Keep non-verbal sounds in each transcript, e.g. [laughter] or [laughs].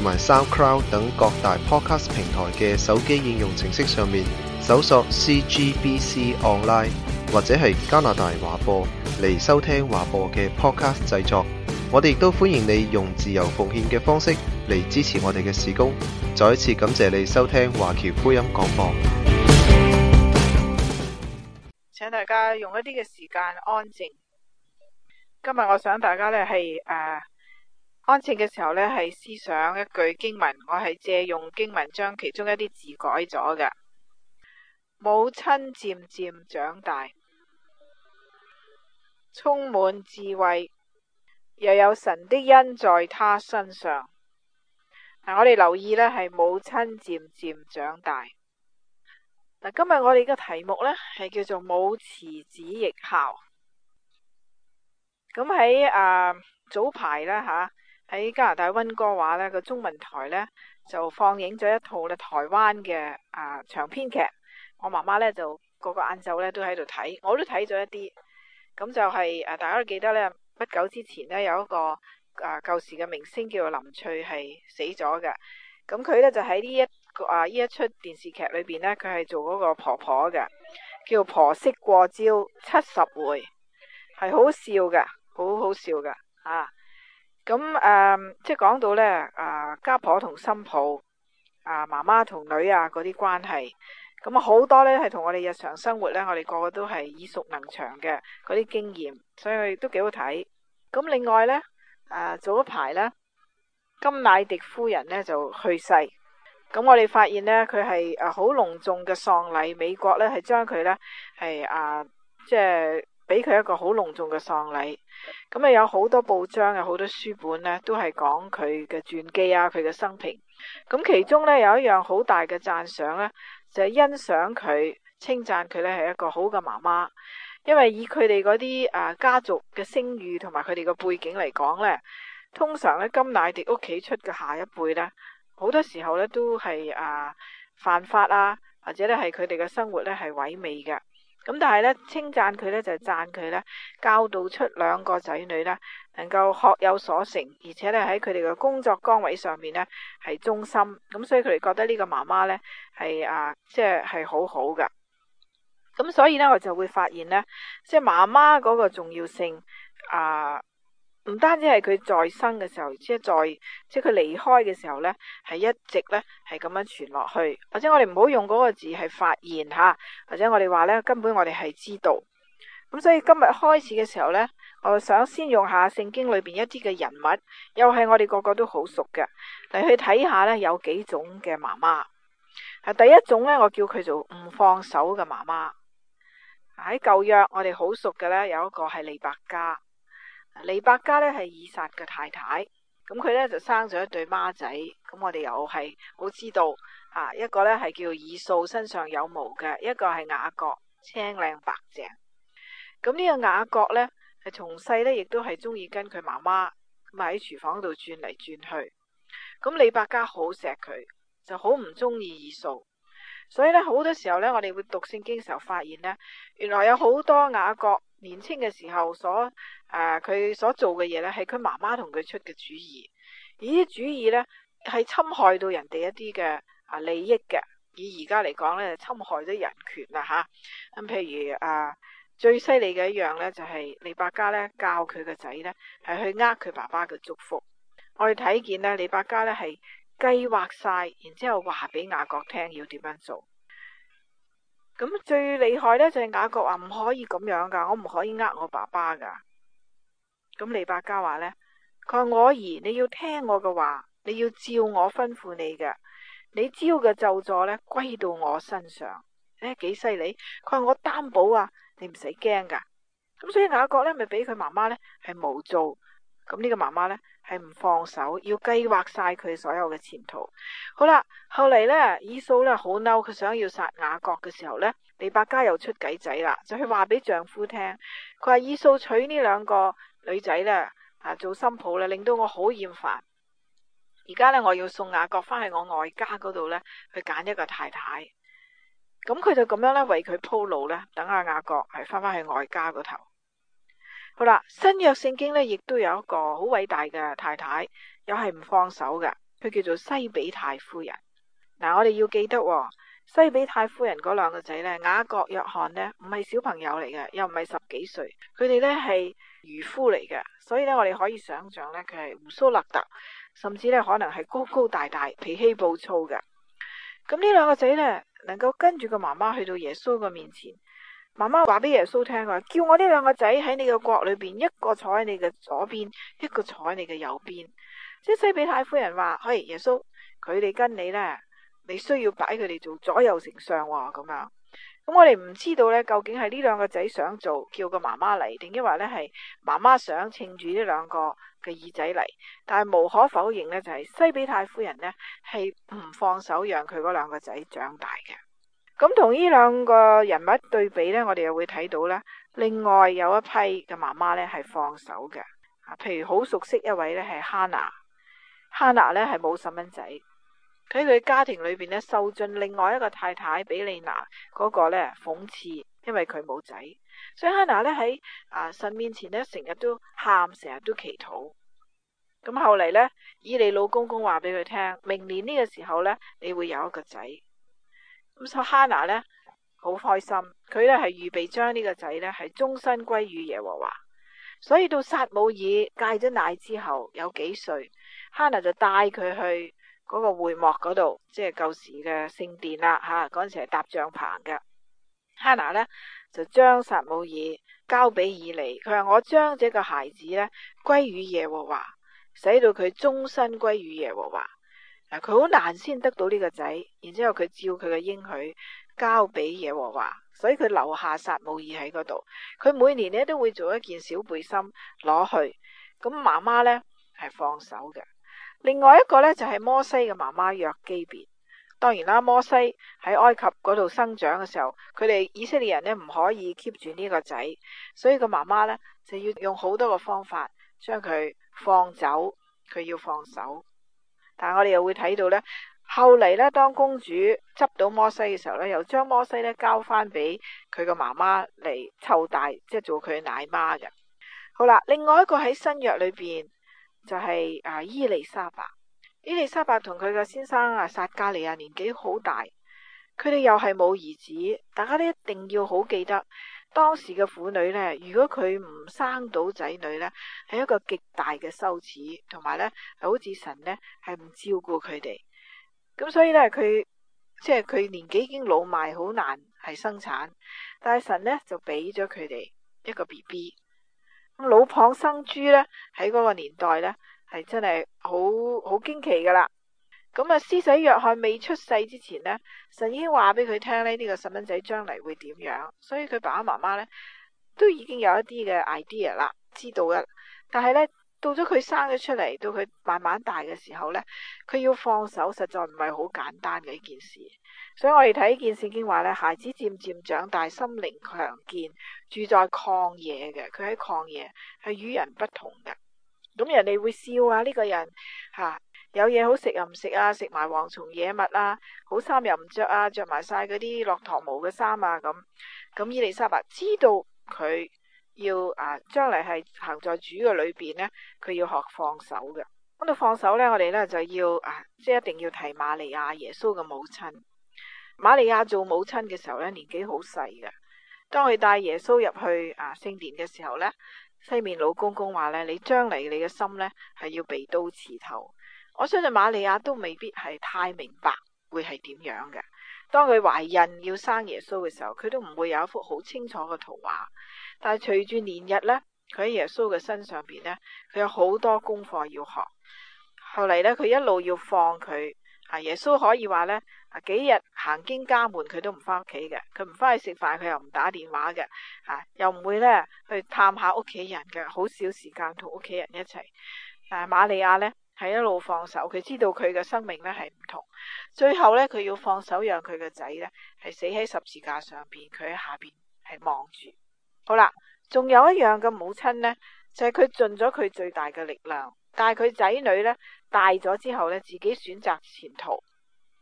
同埋 SoundCloud 等各大 Podcast 平台嘅手機應用程式上面搜索 CGBC Online 或者係加拿大華播嚟收聽華播嘅 Podcast 製作。我哋亦都歡迎你用自由奉獻嘅方式嚟支持我哋嘅事工。再一次感謝你收聽華僑福音廣播。請大家用一啲嘅時間安靜。今日我想大家咧係誒。Uh, 安靜嘅時候呢，係思想一句經文，我係借用經文，將其中一啲字改咗嘅。母親漸漸長大，充滿智慧，又有神的恩在她身上。嗱、啊，我哋留意呢，係母親漸漸長大。嗱、啊，今日我哋嘅題目呢，係叫做母慈子亦孝。咁喺啊早排啦吓。喺加拿大溫哥華呢個中文台呢，就放映咗一套咧台灣嘅啊長篇劇，我媽媽呢，就個個晏晝呢都喺度睇，我都睇咗一啲，咁就係、是、誒、啊，大家都記得呢，不久之前呢，有一個誒舊、啊、時嘅明星叫做林翠，係死咗嘅，咁佢呢，就喺呢一個啊呢一出電視劇裏邊呢，佢係做嗰個婆婆嘅，叫婆媳過招七十回，係好笑嘅，好好笑嘅啊！咁誒，即係講到咧，啊家婆同新抱，啊媽媽同女啊嗰啲關係，咁啊好多咧係同我哋日常生活咧，我哋個個都係耳熟能詳嘅嗰啲經驗，所以佢都幾好睇。咁另外咧，啊早一排咧，金乃迪夫人咧就去世，咁我哋發現咧，佢係啊好隆重嘅喪禮，美國咧係將佢咧係啊即係。俾佢一個好隆重嘅喪禮，咁啊有好多報章，有好多書本呢都係講佢嘅傳記啊，佢嘅生平。咁其中呢，有一樣好大嘅讚賞呢，就係、是、欣賞佢，稱讚佢呢係一個好嘅媽媽。因為以佢哋嗰啲啊家族嘅聲譽同埋佢哋嘅背景嚟講呢，通常呢金乃迪屋企出嘅下一輩呢，好多時候呢都係啊、呃、犯法啊，或者呢係佢哋嘅生活呢係萎靡嘅。咁但係呢，稱讚佢呢，就係讚佢呢，教導出兩個仔女呢，能夠學有所成，而且呢，喺佢哋嘅工作崗位上面呢，係忠心，咁所以佢哋覺得呢個媽媽呢，係啊，即係係好好噶。咁所以呢，我就會發現呢，即係媽媽嗰個重要性啊。唔單止係佢在生嘅時候，即係在即係佢離開嘅時候呢，係一直呢，係咁樣傳落去。或者我哋唔好用嗰個字係發現吓，或者我哋話呢，根本我哋係知道。咁所以今日開始嘅時候呢，我想先用下聖經裏邊一啲嘅人物，又係我哋個個都好熟嘅嚟，去睇下呢，看看有幾種嘅媽媽。啊，第一種呢，我叫佢做唔放手嘅媽媽。喺舊約我哋好熟嘅呢，有一個係利百加。李利百加咧係以撒嘅太太，咁佢呢就生咗一對孖仔，咁我哋又係好知道，吓一個呢係叫以掃，身上有毛嘅，一個係雅各，青靚白淨。咁、這、呢個雅各呢，係從細咧亦都係中意跟佢媽媽咪喺廚房度轉嚟轉去，咁李利百加好錫佢，就好唔中意以掃。所以呢，好多時候呢，我哋會讀聖經嘅時候發現呢，原來有好多雅各。年青嘅時候，所誒佢、呃、所做嘅嘢咧，係佢媽媽同佢出嘅主意。而啲主意咧係侵害到人哋一啲嘅啊利益嘅。以而家嚟講咧，侵害咗人權啦吓。咁譬、嗯、如啊、呃，最犀利嘅一樣咧，就係、是、利百加咧教佢個仔咧係去呃佢爸爸嘅祝福。我哋睇見咧，利百加咧係計劃晒，然之後話俾雅各聽要點樣做。咁最厲害咧就係雅各話，唔可以咁樣噶，我唔可以呃我爸爸噶。咁利百加話咧，佢話我兒，你要聽我嘅話，你要照我吩咐你嘅，你招嘅咒詛咧歸到我身上。誒、欸，幾犀利！佢話我擔保啊，你唔使驚噶。咁所以雅各咧，咪俾佢媽媽咧係無造。咁呢個媽媽呢，係唔放手，要計劃晒佢所有嘅前途。好啦，後嚟呢，以掃呢，好嬲，佢想要殺雅各嘅時候呢，利百加又出計仔啦，就去話俾丈夫聽，佢話以掃娶呢兩個女仔呢，啊做新抱呢，令到我好厭煩。而家呢，我要送雅各返去我外家嗰度呢，去揀一個太太。咁佢就咁樣呢，為佢鋪路呢，等阿雅各係返返去外家嗰頭。好啦，新約聖經呢亦都有一個好偉大嘅太太，又係唔放手嘅，佢叫做西比太夫人。嗱、啊，我哋要記得、哦、西比太夫人嗰兩個仔呢，雅各約翰呢，唔係小朋友嚟嘅，又唔係十幾歲，佢哋呢係漁夫嚟嘅，所以呢，我哋可以想象呢，佢係鬍鬚勒特，甚至呢，可能係高高大大、脾氣暴躁嘅。咁呢兩個仔呢，能夠跟住個媽媽去到耶穌嘅面前。媽媽話俾耶穌聽話，叫我呢兩個仔喺你嘅國裏邊，一個坐喺你嘅左邊，一個坐喺你嘅右邊。即係西比太夫人話：，嘿耶穌，佢哋跟你呢，你需要擺佢哋做左右丞相喎、啊，咁樣。咁我哋唔知道呢，究竟係呢兩個仔想做叫個媽媽嚟，定抑或呢係媽媽想稱住呢兩個嘅耳仔嚟？但係無可否認呢，就係、是、西比太夫人呢，係唔放手讓佢嗰兩個仔長大嘅。咁同呢兩個人物對比呢，我哋又會睇到咧。另外有一批嘅媽媽呢，係放手嘅，啊，譬如好熟悉一位咧，係 Hannah Hannah 呢，係冇細蚊仔，喺佢家庭裏邊呢，受盡另外一個太太比莉娜嗰個咧諷刺，因為佢冇仔，所以 Hannah 呢，喺啊神面前呢，成日都喊，成日都祈禱。咁後嚟呢，以你老公公話俾佢聽，明年呢個時候呢，你會有一個仔。咁所以哈娜咧好開心，佢咧係預備將呢個仔咧係終身歸於耶和華，所以到撒母耳戒咗奶之後有幾歲，哈娜就帶佢去嗰個會幕嗰度，即係舊時嘅聖殿啦吓，嗰陣時係搭帳棚噶。哈娜咧就將撒母耳交俾以利。佢話我將這個孩子咧歸於耶和華，使到佢終身歸於耶和華。佢好難先得到呢個仔，然之後佢照佢嘅應許交俾耶和華，所以佢留下撒母耳喺嗰度。佢每年呢都會做一件小背心攞去，咁媽媽呢係放手嘅。另外一個呢就係、是、摩西嘅媽媽約基別。當然啦，摩西喺埃及嗰度生長嘅時候，佢哋以色列人呢唔可以 keep 住呢個仔，所以個媽媽呢就要用好多個方法將佢放走，佢要放手。但係我哋又會睇到呢。後嚟呢，當公主執到摩西嘅時候呢，又將摩西呢交翻俾佢個媽媽嚟湊大，即係做佢奶媽嘅。好啦，另外一個喺新約裏邊就係、是、啊伊麗莎白，伊麗莎白同佢個先生啊撒迦利亞年紀好大，佢哋又係冇兒子，大家都一定要好記得。當時嘅婦女呢，如果佢唔生到仔女呢，係一個極大嘅羞恥，同埋呢，好似神呢，係唔照顧佢哋。咁所以呢，佢即係佢年紀已經老邁，好難係生產，但係神呢，就俾咗佢哋一個 BB。咁老蚌生珠呢，喺嗰個年代呢，係真係好好驚奇噶啦。咁啊，施洗約翰未出世之前呢，神已經話俾佢聽呢，呢個細蚊仔將嚟會點樣，所以佢爸爸媽媽呢，都已經有一啲嘅 idea 啦，知道嘅。但係呢，到咗佢生咗出嚟，到佢慢慢大嘅時候呢，佢要放手，實在唔係好簡單嘅一件事。所以我哋睇呢件事，聖經話呢，孩子漸漸長大，心靈強健，住在曠野嘅，佢喺曠野係與人不同嘅。咁人哋會笑啊，呢個人吓。啊有嘢好食又唔食啊，食埋蝗蟲野物啊，好衫又唔着啊，着埋晒嗰啲駱駝毛嘅衫啊，咁咁。伊麗莎白知道佢要啊，將嚟係行在主嘅裏邊咧，佢要學放手嘅。咁到放手呢，我哋呢就要啊，即係一定要提瑪利亞耶穌嘅母親。瑪利亞做母親嘅時候呢，年紀好細嘅。當佢帶耶穌入去啊聖殿嘅時候呢，西面老公公話呢：你將嚟你嘅心呢，係要被刀刺透。我相信瑪利亞都未必係太明白會係點樣嘅。當佢懷孕要生耶穌嘅時候，佢都唔會有一幅好清楚嘅圖畫。但係隨住年日呢，佢喺耶穌嘅身上邊呢，佢有好多功課要學。後嚟呢，佢一路要放佢啊！耶穌可以話呢，啊，幾日行經家門佢都唔返屋企嘅，佢唔返去食飯，佢又唔打電話嘅啊，又唔會呢，去探下屋企人嘅，好少時間同屋企人一齊。但係瑪利亞呢。係一路放手，佢知道佢嘅生命咧，係唔同。最後咧，佢要放手養，讓佢嘅仔咧，係死喺十字架上邊，佢喺下邊係望住。好啦，仲有一樣嘅母親咧，就係、是、佢盡咗佢最大嘅力量，但係佢仔女咧，大咗之後咧，自己選擇前途，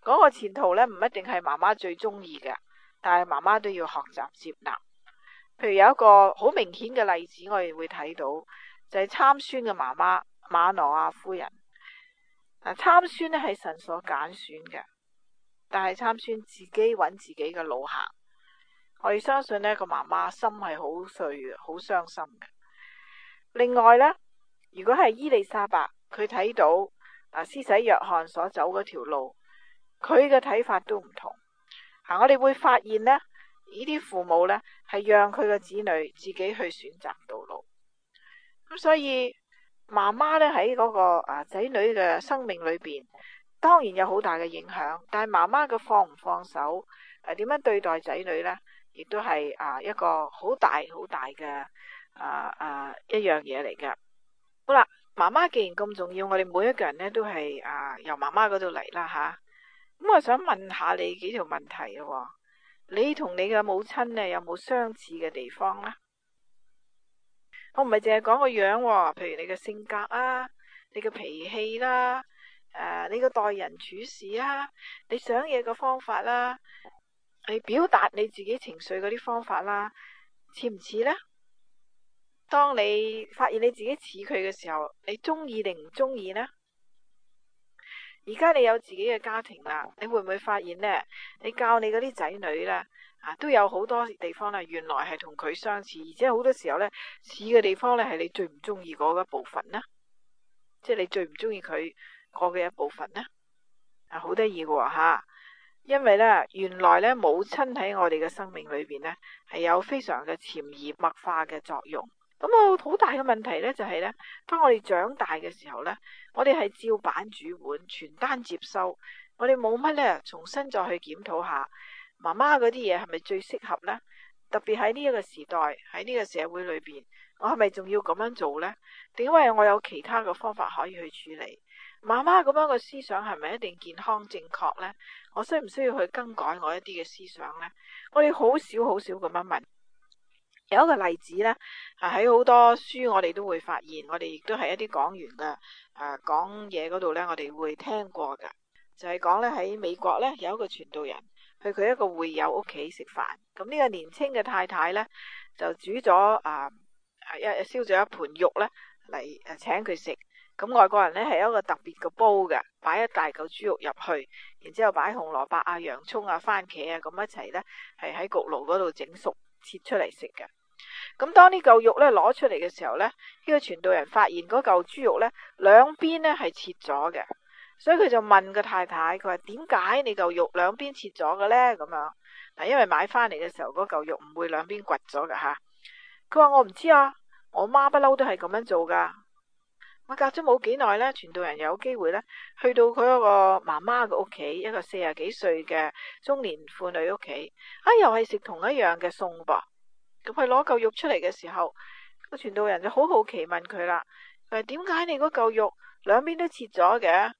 嗰、那個前途咧唔一定係媽媽最中意嘅，但係媽媽都要學習接納。譬如有一個好明顯嘅例子，我哋會睇到就係、是、參孫嘅媽媽瑪挪亞夫人。嗱，參孫咧係神所揀選嘅，但係參孫自己揾自己嘅路行。我哋相信呢個媽媽心係好碎嘅，好傷心嘅。另外呢，如果係伊麗莎白，佢睇到啊，施洗約翰所走嗰條路，佢嘅睇法都唔同。啊，我哋會發現呢，呢啲父母呢係讓佢嘅子女自己去選擇道路。咁所以。媽媽咧喺嗰個啊仔女嘅生命裏邊，當然有好大嘅影響。但係媽媽嘅放唔放手，誒、啊、點樣對待仔女呢？亦都係啊一個好大好大嘅啊啊一樣嘢嚟噶。好啦，媽媽既然咁重要，我哋每一個人呢都係啊由媽媽嗰度嚟啦吓。咁、啊嗯、我想問下你幾條問題嘅、啊，你同你嘅母親呢，有冇相似嘅地方呢？我唔係淨係講個樣，譬如你嘅性格啊，你嘅脾氣啦，誒、呃，你個待人處事啦，你想嘢嘅方法啦，你表達你自己情緒嗰啲方法啦，似唔似呢？當你發現你自己似佢嘅時候，你中意定唔中意呢？而家你有自己嘅家庭啦，你會唔會發現呢？你教你嗰啲仔女啦。啊，都有好多地方咧，原來係同佢相似，而且好多時候呢，似嘅地方咧係你最唔中意嗰一部分呢，即係你最唔中意佢嗰嘅一部分呢，啊，好得意嘅吓，因為呢，原來呢，母親喺我哋嘅生命裏邊呢，係有非常嘅潛移默化嘅作用。咁、嗯、啊，好大嘅問題呢，就係、是、呢，當我哋長大嘅時候呢，我哋係照板煮碗、全單接收，我哋冇乜呢，重新再去檢討下。媽媽嗰啲嘢係咪最適合呢？特別喺呢一個時代，喺呢個社會裏邊，我係咪仲要咁樣做呢？點解我有其他嘅方法可以去處理？媽媽咁樣嘅思想係咪一定健康正確呢？我需唔需要去更改我一啲嘅思想呢？我哋好少好少咁樣問。有一個例子呢，啊，喺好多書我哋都會發現，我哋亦都係一啲講員嘅啊，講嘢嗰度呢，我哋會聽過噶，就係講呢，喺美國呢，有一個傳道人。去佢一個會友屋企食飯，咁呢個年輕嘅太太呢，就煮咗啊，一燒咗一盤肉呢嚟請佢食。咁外國人呢，係一個特別嘅煲嘅，擺一大嚿豬肉入去，然之後擺紅蘿蔔啊、洋葱啊、番茄啊咁一齊呢，係喺焗爐嗰度整熟切出嚟食嘅。咁當呢嚿肉呢攞出嚟嘅時候呢，呢個傳道人發現嗰嚿豬肉呢，兩邊呢係切咗嘅。所以佢就問個太太，佢話，點解你嚿肉兩邊切咗嘅呢？咁樣，但因為買翻嚟嘅時候，嗰嚿肉唔會兩邊掘咗嘅吓。佢話，我唔知啊，我媽不嬲都係咁樣做噶。我隔咗冇幾耐呢，傳道人又有機會呢，去到佢一個媽媽嘅屋企，一個四十幾歲嘅中年婦女屋企，哎、又啊又係食同一樣嘅餸噃。咁佢攞嚿肉出嚟嘅時候，個傳道人就好好奇問佢啦，就點解你嗰嚿肉兩邊都切咗嘅？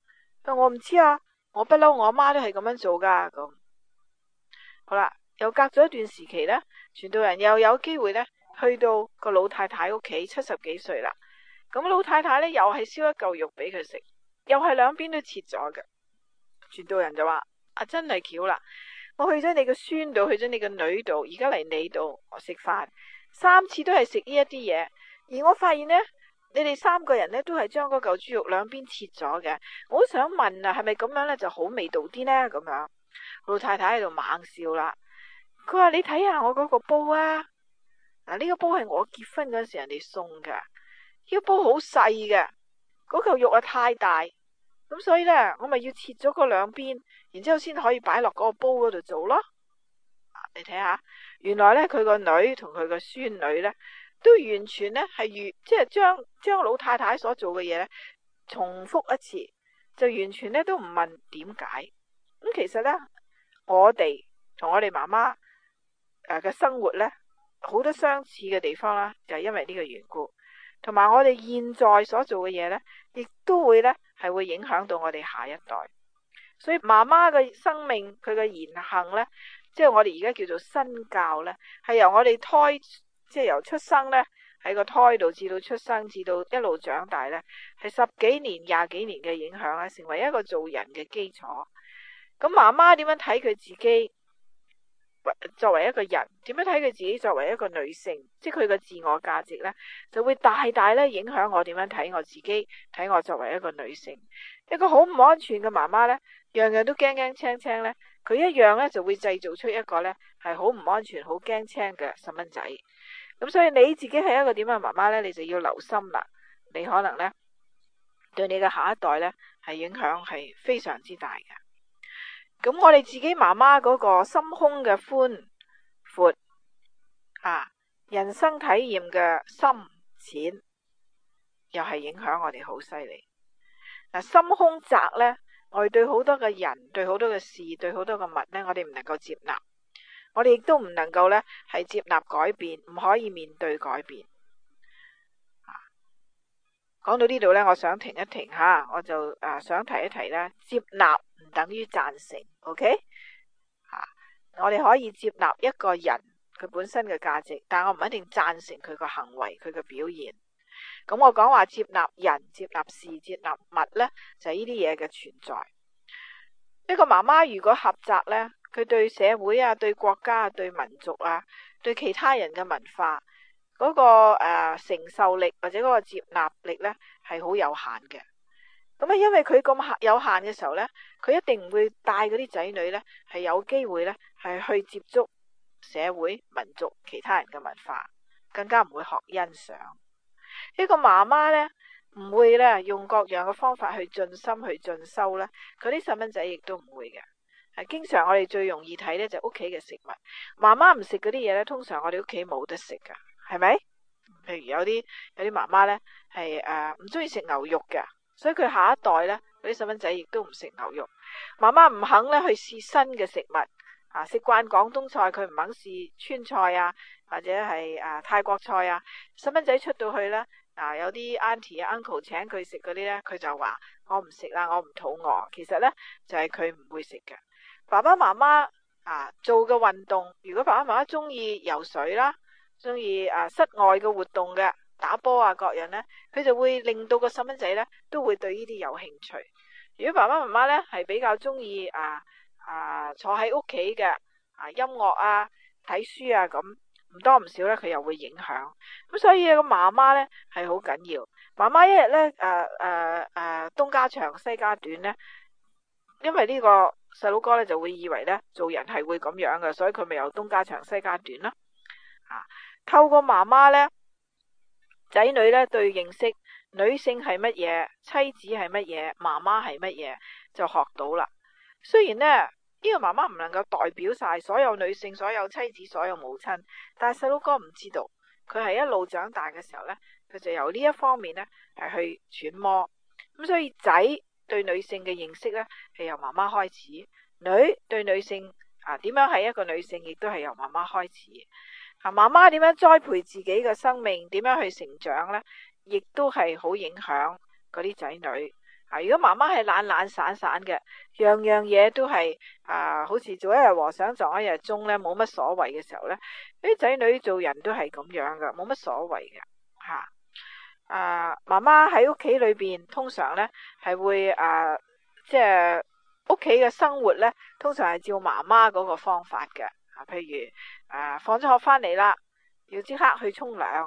我唔知啊，我不嬲，我阿媽都係咁樣做噶。啊，咁好啦。又隔咗一段時期呢，傳道人又有機會呢，去到個老太太屋企，七十幾歲啦。咁老太太呢又係燒一嚿肉俾佢食，又係兩邊都切咗噶。傳道人就話：啊，真係巧啦！我去咗你個孫度，去咗你個女度，而家嚟你度，我食飯三次都係食呢一啲嘢，而我發現呢。你哋三個人呢都係將嗰嚿豬肉兩邊切咗嘅，我都想問啊，係咪咁樣呢就好味道啲呢？咁樣，老太太喺度猛笑啦。佢話你睇下我嗰個煲啊，嗱，這，呢個煲係我結婚嗰時人哋送㗎，呢，這個煲好細嘅，嗰嚿肉啊太大，咁所以呢，我咪要切咗嗰兩邊，然之後先可以擺落嗰個煲嗰度做咯。啊，你睇下，原來呢，佢個女同佢個孫女呢。都完全咧係如即係將將老太太所做嘅嘢重複一次，就完全咧都唔問點解。咁其實咧，我哋同我哋媽媽誒嘅、呃、生活咧，好多相似嘅地方啦，就係，因為呢個緣故。同埋我哋現在所做嘅嘢咧，亦都會咧係會影響到我哋下一代。所以媽媽嘅生命，佢嘅言行咧，即係我哋而家叫做身教咧，係由我哋胎。即係由出生咧，喺個胎度至到出生，至到一路長大咧，係十幾年、廿幾年嘅影響啊，成為一個做人嘅基礎。咁媽媽點樣睇佢自己？作為一個人，點樣睇佢自己？作為一個女性，即係佢個自我價值咧，就會大大咧影響我點樣睇我自己，睇我作為一個女性。一個好唔安全嘅媽媽咧，樣樣都驚驚青青咧，佢一樣咧就會製造出一個咧係好唔安全、好驚青嘅細蚊仔。咁所以你自己係一個點樣媽媽呢？你就要留心啦。你可能呢，對你嘅下一代呢，係影響係非常之大嘅。咁我哋自己媽媽嗰個心胸嘅寬闊啊，人生體驗嘅深淺，又係影響我哋好犀利。嗱、啊，心胸窄呢，我哋對好多嘅人、對好多嘅事、對好多嘅物呢，我哋唔能夠接納。我哋亦都唔能夠咧係接納改變，唔可以面對改變。啊，講到呢度呢，我想停一停吓，我就誒、啊、想提一提呢，接納唔等於贊成，OK？、啊、我哋可以接納一個人佢本身嘅價值，但我唔一定贊成佢個行為、佢嘅表現。咁我講話接納人、接納事、接納物呢，就係呢啲嘢嘅存在。一個媽媽如果狹窄呢。佢對社會啊、對國家啊、對民族啊、對其他人嘅文化嗰、嗰個、呃、承受力或者嗰個接納力呢係好有限嘅。咁啊，因為佢咁有限嘅時候呢，佢一定唔會帶嗰啲仔女呢係有機會呢係去接觸社會、民族、其他人嘅文化，更加唔會學欣賞、這個、呢個媽媽呢唔會呢用各樣嘅方法去盡心去進修呢，佢啲細蚊仔亦都唔會嘅。係經常我哋最容易睇咧，就屋企嘅食物，媽媽唔食嗰啲嘢咧，通常我哋屋企冇得食噶，係咪？譬如有啲有啲媽媽咧係誒唔中意食牛肉嘅，所以佢下一代咧嗰啲細蚊仔亦都唔食牛肉。媽媽唔肯咧去試新嘅食物啊，食慣廣東菜佢唔肯試川菜啊，或者係誒、呃、泰國菜啊。細蚊仔出到去咧啊，有啲 auntie uncle 請佢食嗰啲咧，佢就話我唔食啦，我唔肚餓。其實咧就係佢唔會食嘅。爸爸媽媽啊做嘅運動，如果爸爸媽媽中意游水啦，中意啊室外嘅活動嘅打波啊各樣呢，佢就會令到個細蚊仔呢都會對呢啲有興趣。如果爸爸媽媽呢係比較中意啊啊坐喺屋企嘅啊音樂啊睇書啊咁，唔多唔少呢，佢又會影響。咁所以個、啊、媽媽呢係好緊要。媽媽一日呢，誒誒誒東家長西家短呢，因為呢、這個。細佬哥咧就會以為咧做人係會咁樣嘅，所以佢咪由東家長西家短啦。啊，透過媽媽咧仔女，咧對認識女性係乜嘢，妻子係乜嘢，媽媽係乜嘢就學到啦。雖然呢，呢個媽媽唔能夠代表晒所有女性、所有妻子、所有母親，但係細佬哥唔知道佢係一路長大嘅時候咧，佢就由呢一方面咧係去揣摩咁，所以仔對女性嘅認識咧，係由媽媽開始，女對女性啊，點樣係一個女性，亦都係由媽媽開始。啊，媽媽點樣栽培自己嘅生命，點樣去成長呢？亦都係好影響嗰啲仔女。啊，如果媽媽係懶懶散散嘅，樣樣嘢都係啊，好似做一日和尚撞一日鐘呢，冇乜所謂嘅時候呢。啲仔女做人都係咁樣噶，冇乜所謂嘅。吓、啊，啊，媽媽喺屋企裏邊通常呢係會啊。即係屋企嘅生活咧，通常係照媽媽嗰個方法嘅啊。譬如誒、呃，放咗學翻嚟啦，要即刻去沖涼，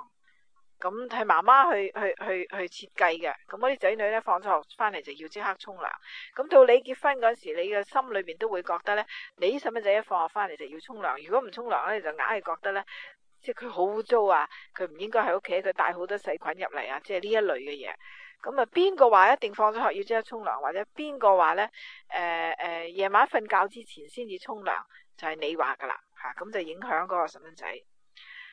咁係媽媽去去去去設計嘅。咁我啲仔女咧，放咗學翻嚟就要即刻沖涼。咁、嗯、到你結婚嗰時，你嘅心裏面都會覺得咧，你啲細蚊仔一放學翻嚟就要沖涼，如果唔沖涼咧，就硬係覺得咧，即係佢好污糟啊！佢唔應該喺屋企，佢帶好多細菌入嚟啊！即係呢一類嘅嘢。咁啊，邊個話一定放咗學要即刻沖涼，或者邊個話呢？誒、呃、誒，夜、呃、晚瞓覺之前先至沖涼，就係、是、你話噶啦吓，咁、啊、就影響嗰個細蚊仔。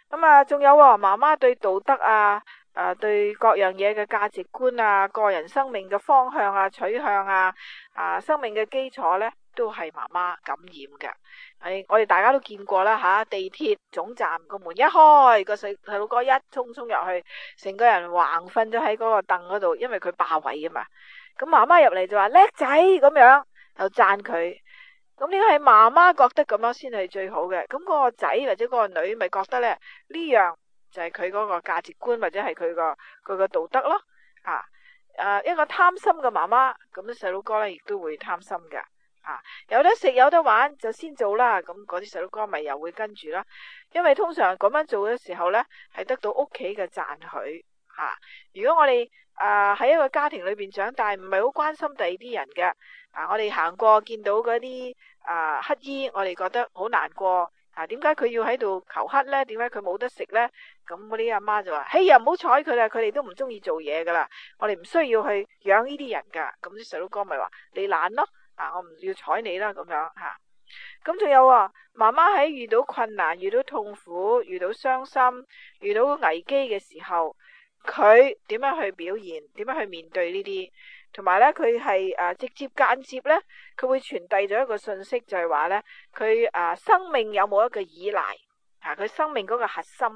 咁啊，仲有啊，媽媽對道德啊，誒、啊，對各樣嘢嘅價值觀啊，個人生命嘅方向啊、取向啊，啊，生命嘅基礎呢。都係媽媽感染嘅。誒，我哋大家都見過啦吓，地鐵總站個門一開，個細細佬哥一衝衝入去，成個人橫瞓咗喺嗰個凳嗰度，因為佢霸位啊嘛。咁媽媽入嚟就話叻仔咁樣，又讚佢。咁呢個係媽媽覺得咁樣先係最好嘅。咁、那、嗰個仔或者嗰個女咪覺得咧呢樣就係佢嗰個價值觀或者係佢、那個佢個道德咯。啊誒，一、呃、個貪心嘅媽媽，咁啲細佬哥咧亦都會貪心嘅。吓、啊、有得食有得玩就先做啦，咁嗰啲細佬哥咪又會跟住啦。因為通常咁樣做嘅時候咧，係得到屋企嘅讚許吓、啊。如果我哋啊喺一個家庭裏邊長大，唔係好關心第二啲人嘅啊，我哋行過見到嗰啲啊乞衣，我哋覺得好難過啊。點解佢要喺度求乞咧？點解佢冇得食咧？咁嗰啲阿媽就話：嘿、hey，啊，又唔好睬佢啦，佢哋都唔中意做嘢噶啦。我哋唔需要去養呢啲人噶。咁啲細佬哥咪話：你懶咯。嗱、啊，我唔要睬你啦，咁樣吓。咁、啊、仲有啊，媽媽喺遇到困難、遇到痛苦、遇到傷心、遇到危機嘅時候，佢點樣去表現？點樣去面對呢啲？同埋呢，佢係誒直接間接呢，佢會傳遞咗一個信息，就係話呢，佢誒、啊、生命有冇一個依賴？啊，佢生命嗰個核心，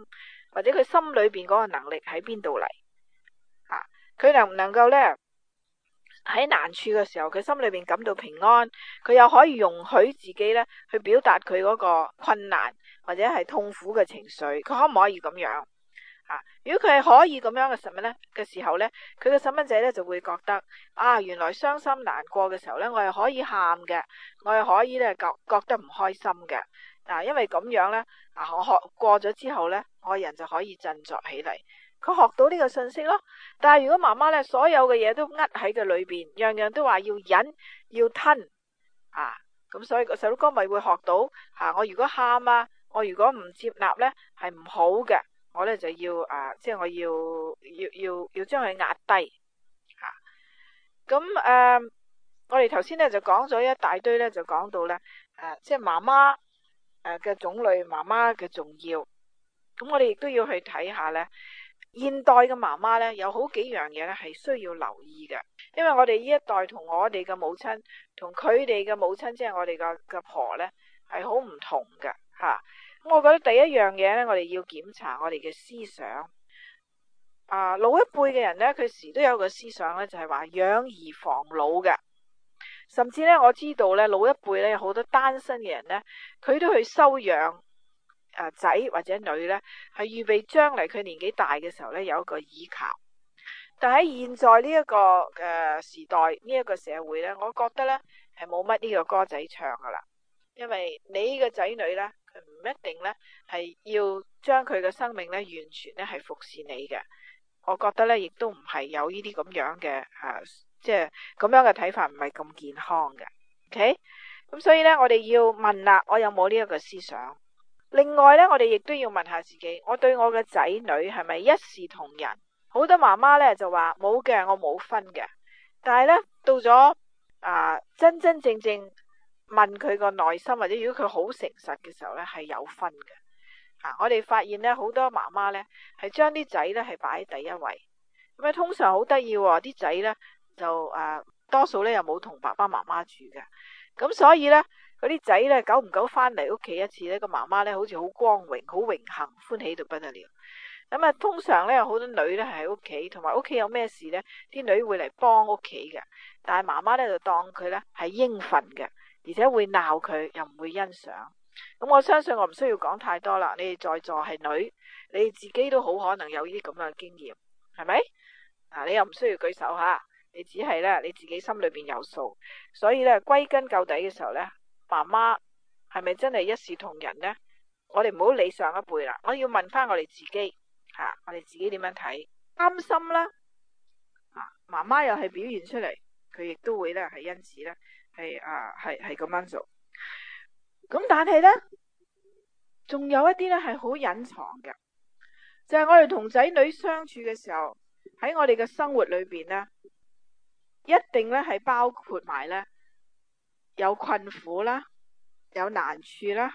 或者佢心裏邊嗰個能力喺邊度嚟？啊，佢能唔能夠呢？喺難處嘅時候，佢心裏邊感到平安，佢又可以容許自己呢，去表達佢嗰個困難或者係痛苦嘅情緒，佢可唔可以咁樣啊？如果佢係可以咁樣嘅細蚊呢，嘅時候呢，佢嘅細蚊仔呢就會覺得啊，原來傷心難過嘅時候呢，我係可以喊嘅，我係可以呢覺覺得唔開心嘅啊，因為咁樣呢，啊，我過咗之後呢，我人就可以振作起嚟。佢學到呢個信息咯，但係如果媽媽咧，所有嘅嘢都呃喺佢裏邊，樣樣都話要忍要吞啊，咁所以細路哥咪會學到嚇。我如果喊啊，我如果唔、啊、接納咧，係唔好嘅。我咧就要啊，即係我要要要要將佢壓低嚇。咁、啊、誒、啊，我哋頭先咧就講咗一大堆咧，就講到咧誒、啊，即係媽媽誒嘅種類，媽媽嘅重要。咁我哋亦都要去睇下咧。現代嘅媽媽咧，有好幾樣嘢咧，係需要留意嘅，因為我哋呢一代同我哋嘅母親同佢哋嘅母親，即係我哋嘅嘅婆咧，係好唔同嘅吓、啊。我覺得第一樣嘢咧，我哋要檢查我哋嘅思想。啊，老一輩嘅人咧，佢時都有個思想咧，就係、是、話養兒防老嘅，甚至咧我知道咧，老一輩咧有好多單身嘅人咧，佢都去收養。誒，仔、啊、或者女呢，係預備將嚟佢年紀大嘅時候呢，有一個倚靠。但喺現在呢、這、一個誒、呃、時代，呢、這、一個社會呢，我覺得呢係冇乜呢個歌仔唱噶啦。因為你個仔女呢，佢唔一定呢係要將佢嘅生命呢完全呢係服侍你嘅。我覺得呢，亦都唔係有呢啲咁樣嘅啊，即係咁樣嘅睇法，唔係咁健康嘅。OK，咁所以呢，我哋要問啦，我有冇呢一個思想？另外咧，我哋亦都要問下自己，我對我嘅仔女係咪一視同仁？好多媽媽咧就話冇嘅，我冇分嘅。但係咧，到咗啊、呃，真真正正問佢個內心，或者如果佢好誠實嘅時候咧，係有分嘅。啊，我哋發現咧，好多媽媽咧係將啲仔咧係擺喺第一位。咁啊，通常好得意喎，啲仔咧就啊、呃，多數咧又冇同爸爸媽媽住嘅。咁所以咧。嗰啲仔咧，久唔久翻嚟屋企一次咧，個媽媽咧好似好光榮、好榮幸、歡喜到不得了。咁、嗯、啊，通常咧，好多女咧係喺屋企，同埋屋企有咩事咧，啲女會嚟幫屋企嘅。但係媽媽咧就當佢咧係應份嘅，而且會鬧佢，又唔會欣賞。咁、嗯、我相信我唔需要講太多啦。你哋在座係女，你自己都好可能有呢啲咁嘅經驗，係咪？啊，你又唔需要舉手吓，你只係咧你自己心裏邊有數。所以咧，歸根究底嘅時候咧。媽媽係咪真係一視同仁呢？我哋唔好理上一輩啦，我要問翻我哋自己吓，啊，我哋自己點樣睇？擔心啦，啊，媽媽又係表現出嚟，佢亦都會咧係因此咧係啊係係咁樣做。咁但係咧，仲有一啲咧係好隱藏嘅，就係、是、我哋同仔女相處嘅時候，喺我哋嘅生活裏邊咧，一定咧係包括埋咧。有困苦啦，有難處啦，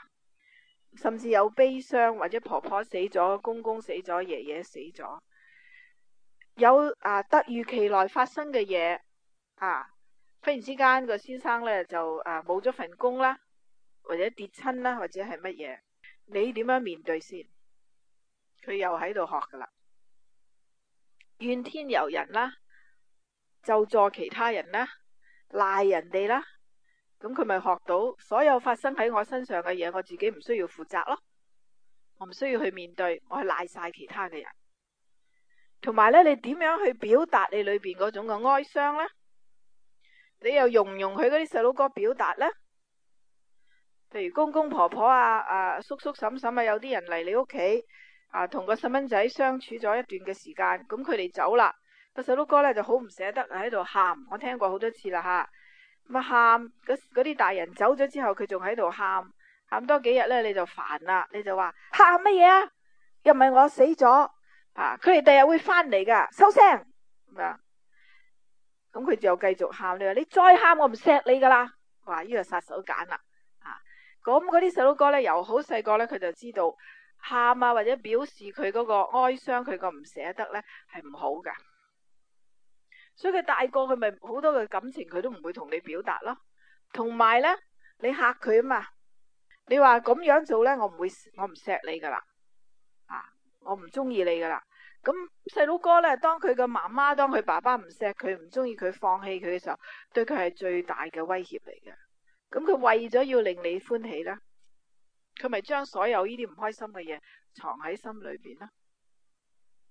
甚至有悲傷或者婆婆死咗、公公死咗、爺爺死咗，有啊，突如其來發生嘅嘢啊，忽然之間個先生咧就啊冇咗份工啦，或者跌親啦，或者係乜嘢，你點樣面對先？佢又喺度學㗎喇，怨天尤人啦，就助其他人啦，賴人哋啦。咁佢咪學到所有發生喺我身上嘅嘢，我自己唔需要負責咯，我唔需要去面對，我係賴晒其他嘅人。同埋咧，你點樣去表達你裏邊嗰種嘅哀傷咧？你又容唔容許嗰啲細佬哥表達咧？譬如公公婆婆啊、啊叔叔嬸嬸啊，有啲人嚟你屋企啊，同個細蚊仔相處咗一段嘅時間，咁佢哋走啦，個細佬哥咧就好唔捨得喺度喊，我聽過好多次啦吓。啊啊，喊嗰啲大人走咗之後，佢仲喺度喊，喊多幾日咧，你就煩啦，你就話喊乜嘢啊？又唔係我死咗啊？佢哋第日會翻嚟噶，收聲。咁佢就繼續喊你話，你再喊我唔錫你噶啦，話呢個殺手鐧啦啊！咁嗰啲細佬哥咧，由好細個咧，佢就知道喊啊或者表示佢嗰個哀傷，佢個唔捨得咧係唔好噶。所以佢大個佢咪好多嘅感情佢都唔會同你表達咯，同埋咧你嚇佢啊嘛，你話咁樣做咧，我唔會我唔錫你噶啦，啊我唔中意你噶啦，咁細佬哥咧，當佢嘅媽媽當佢爸爸唔錫佢唔中意佢放棄佢嘅時候，對佢係最大嘅威脅嚟嘅。咁佢為咗要令你歡喜咧，佢咪將所有呢啲唔開心嘅嘢藏喺心裏邊咯，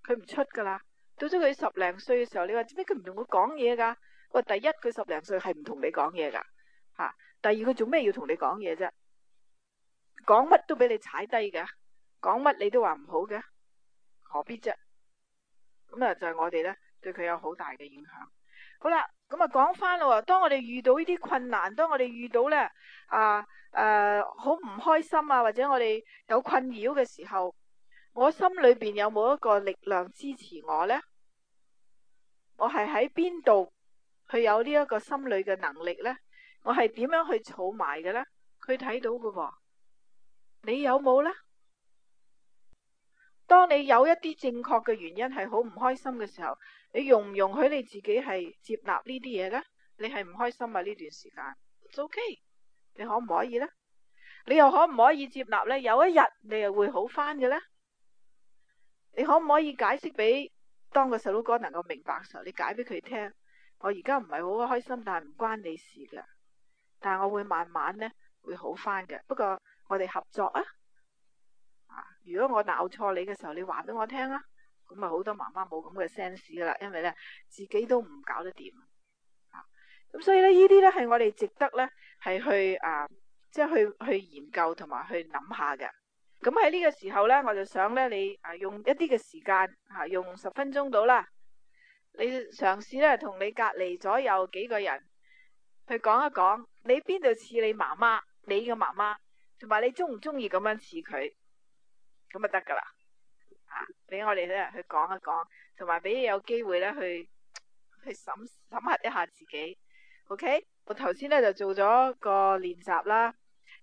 佢唔出噶啦。到咗佢十零歲嘅時候，你話做咩佢唔同佢講嘢噶？喂，第一佢十零歲係唔同你講嘢噶，吓。第二佢做咩要同你講嘢啫？講乜都俾你踩低嘅，講乜你都話唔好嘅，何必啫？咁啊，就係我哋咧對佢有好大嘅影響。好啦，咁啊講翻咯，當我哋遇到呢啲困難，當我哋遇到咧啊誒好唔開心啊，或者我哋有困擾嘅時候。我心裏邊有冇一個力量支持我呢？我係喺邊度去有呢一個心理嘅能力呢？我係點樣去儲埋嘅呢？佢睇到嘅喎、哦，你有冇呢？當你有一啲正確嘅原因係好唔開心嘅時候，你容唔容許你自己係接納呢啲嘢呢？你係唔開心啊呢段時間，OK，你可唔可以呢？你又可唔可以接納呢？有一日你又會好翻嘅呢？你可唔可以解釋俾當個細佬哥能夠明白嘅時候，你解俾佢聽？我而家唔係好開心，但係唔關你事㗎。但係我會慢慢咧會好返嘅。不過我哋合作啊！啊，如果我鬧錯你嘅時候，你話俾我聽啊。咁啊，好多媽媽冇咁嘅 sense 㗎啦，因為咧自己都唔搞得掂。啊，咁所以咧，呢啲咧係我哋值得咧係去啊，即係去去研究同埋去諗下嘅。咁喺呢個時候咧，我就想咧你啊用一啲嘅時間吓，啊，用十分鐘到啦。你嘗試咧同你隔籬左右幾個人去講一講，你邊度似你媽媽，你嘅媽媽同埋你中唔中意咁樣似佢，咁就得噶啦，啊，俾我哋咧去講一講，同埋俾你有機會咧去去審審核一下自己。OK，我頭先咧就做咗個練習啦。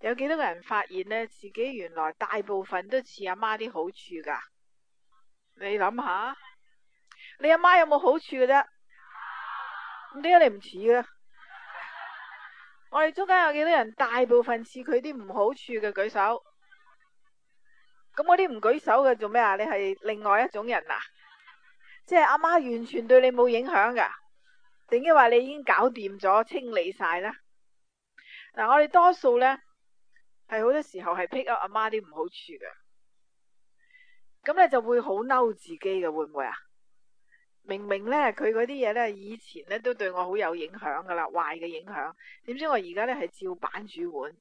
有幾多個人發現呢？自己原來大部分都似阿媽啲好處噶？你諗下，你阿媽有冇好處嘅啫？咁點解你唔似嘅？我哋中間有幾多人大部分似佢啲唔好處嘅？舉手。咁嗰啲唔舉手嘅做咩啊？你係另外一種人啊？即係阿媽完全對你冇影響噶，等於話你已經搞掂咗，清理晒啦。嗱，我哋多數呢。係好多時候係 pick up 阿媽啲唔好處嘅，咁咧就會好嬲自己嘅，會唔會啊？明明咧佢嗰啲嘢咧，以前咧都對我好有影響噶啦，壞嘅影響。點知我而家咧係照板煮碗，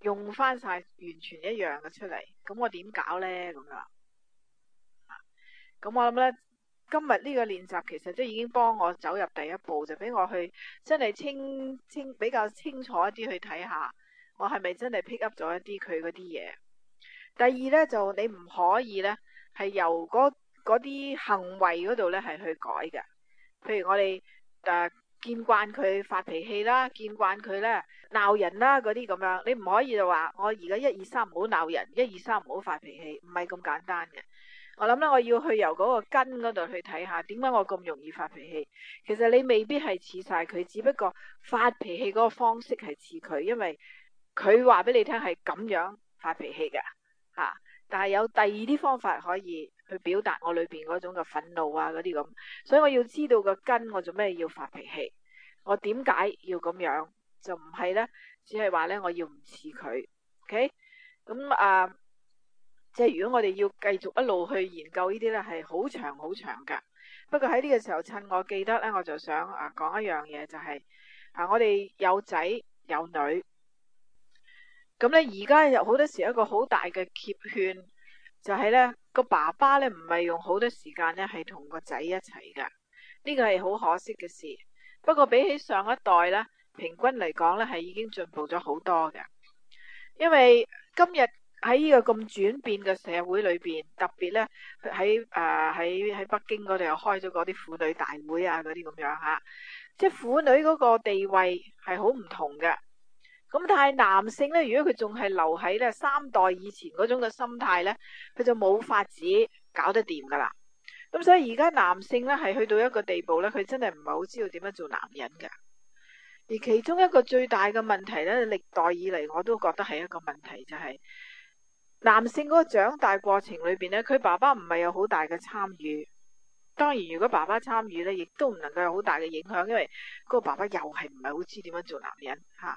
用翻晒完全一樣嘅出嚟，咁我點搞咧咁樣？咁我諗咧，今日呢個練習其實即係已經幫我走入第一步，就俾我去真係清清比較清楚一啲去睇下。我係咪真係 pick up 咗一啲佢嗰啲嘢？第二呢，就你唔可以呢係由嗰啲行為嗰度呢係去改嘅。譬如我哋誒、呃、見慣佢發脾氣啦，見慣佢呢鬧人啦嗰啲咁樣，你唔可以就話我而家一二三唔好鬧人，一二三唔好發脾氣，唔係咁簡單嘅。我諗呢，我要去由嗰個根嗰度去睇下，點解我咁容易發脾氣？其實你未必係似晒佢，只不過發脾氣嗰個方式係似佢，因為。佢話俾你聽係咁樣發脾氣嘅嚇，啊，但係有第二啲方法可以去表達我裏邊嗰種嘅憤怒啊嗰啲咁，所以我要知道個根，我做咩要發脾氣，我點解要咁樣，就唔係呢，只係話呢，我要唔似佢。OK，咁啊，即係如果我哋要繼續一路去研究呢啲呢，係好長好長噶。不過喺呢個時候，趁我記得呢，我就想啊講一樣嘢，就係啊我哋有仔有女。咁咧，而家有好多時一個好大嘅缺陷，就係咧個爸爸咧唔係用好多時間咧係同個仔一齊嘅，呢個係好可惜嘅事。不過比起上一代咧，平均嚟講咧係已經進步咗好多嘅，因為今日喺呢個咁轉變嘅社會裏邊，特別咧喺誒喺喺北京嗰度又開咗嗰啲婦女大會啊嗰啲咁樣嚇，即係婦女嗰個地位係好唔同嘅。咁但係男性咧，如果佢仲係留喺咧三代以前嗰種嘅心態咧，佢就冇法子搞得掂噶啦。咁所以而家男性咧係去到一個地步咧，佢真係唔係好知道點樣做男人噶。而其中一個最大嘅問題咧，歷代以嚟我都覺得係一個問題，就係男性嗰個長大過程裏邊咧，佢爸爸唔係有好大嘅參與。當然，如果爸爸參與咧，亦都唔能夠有好大嘅影響，因為嗰個爸爸又係唔係好知點樣做男人吓。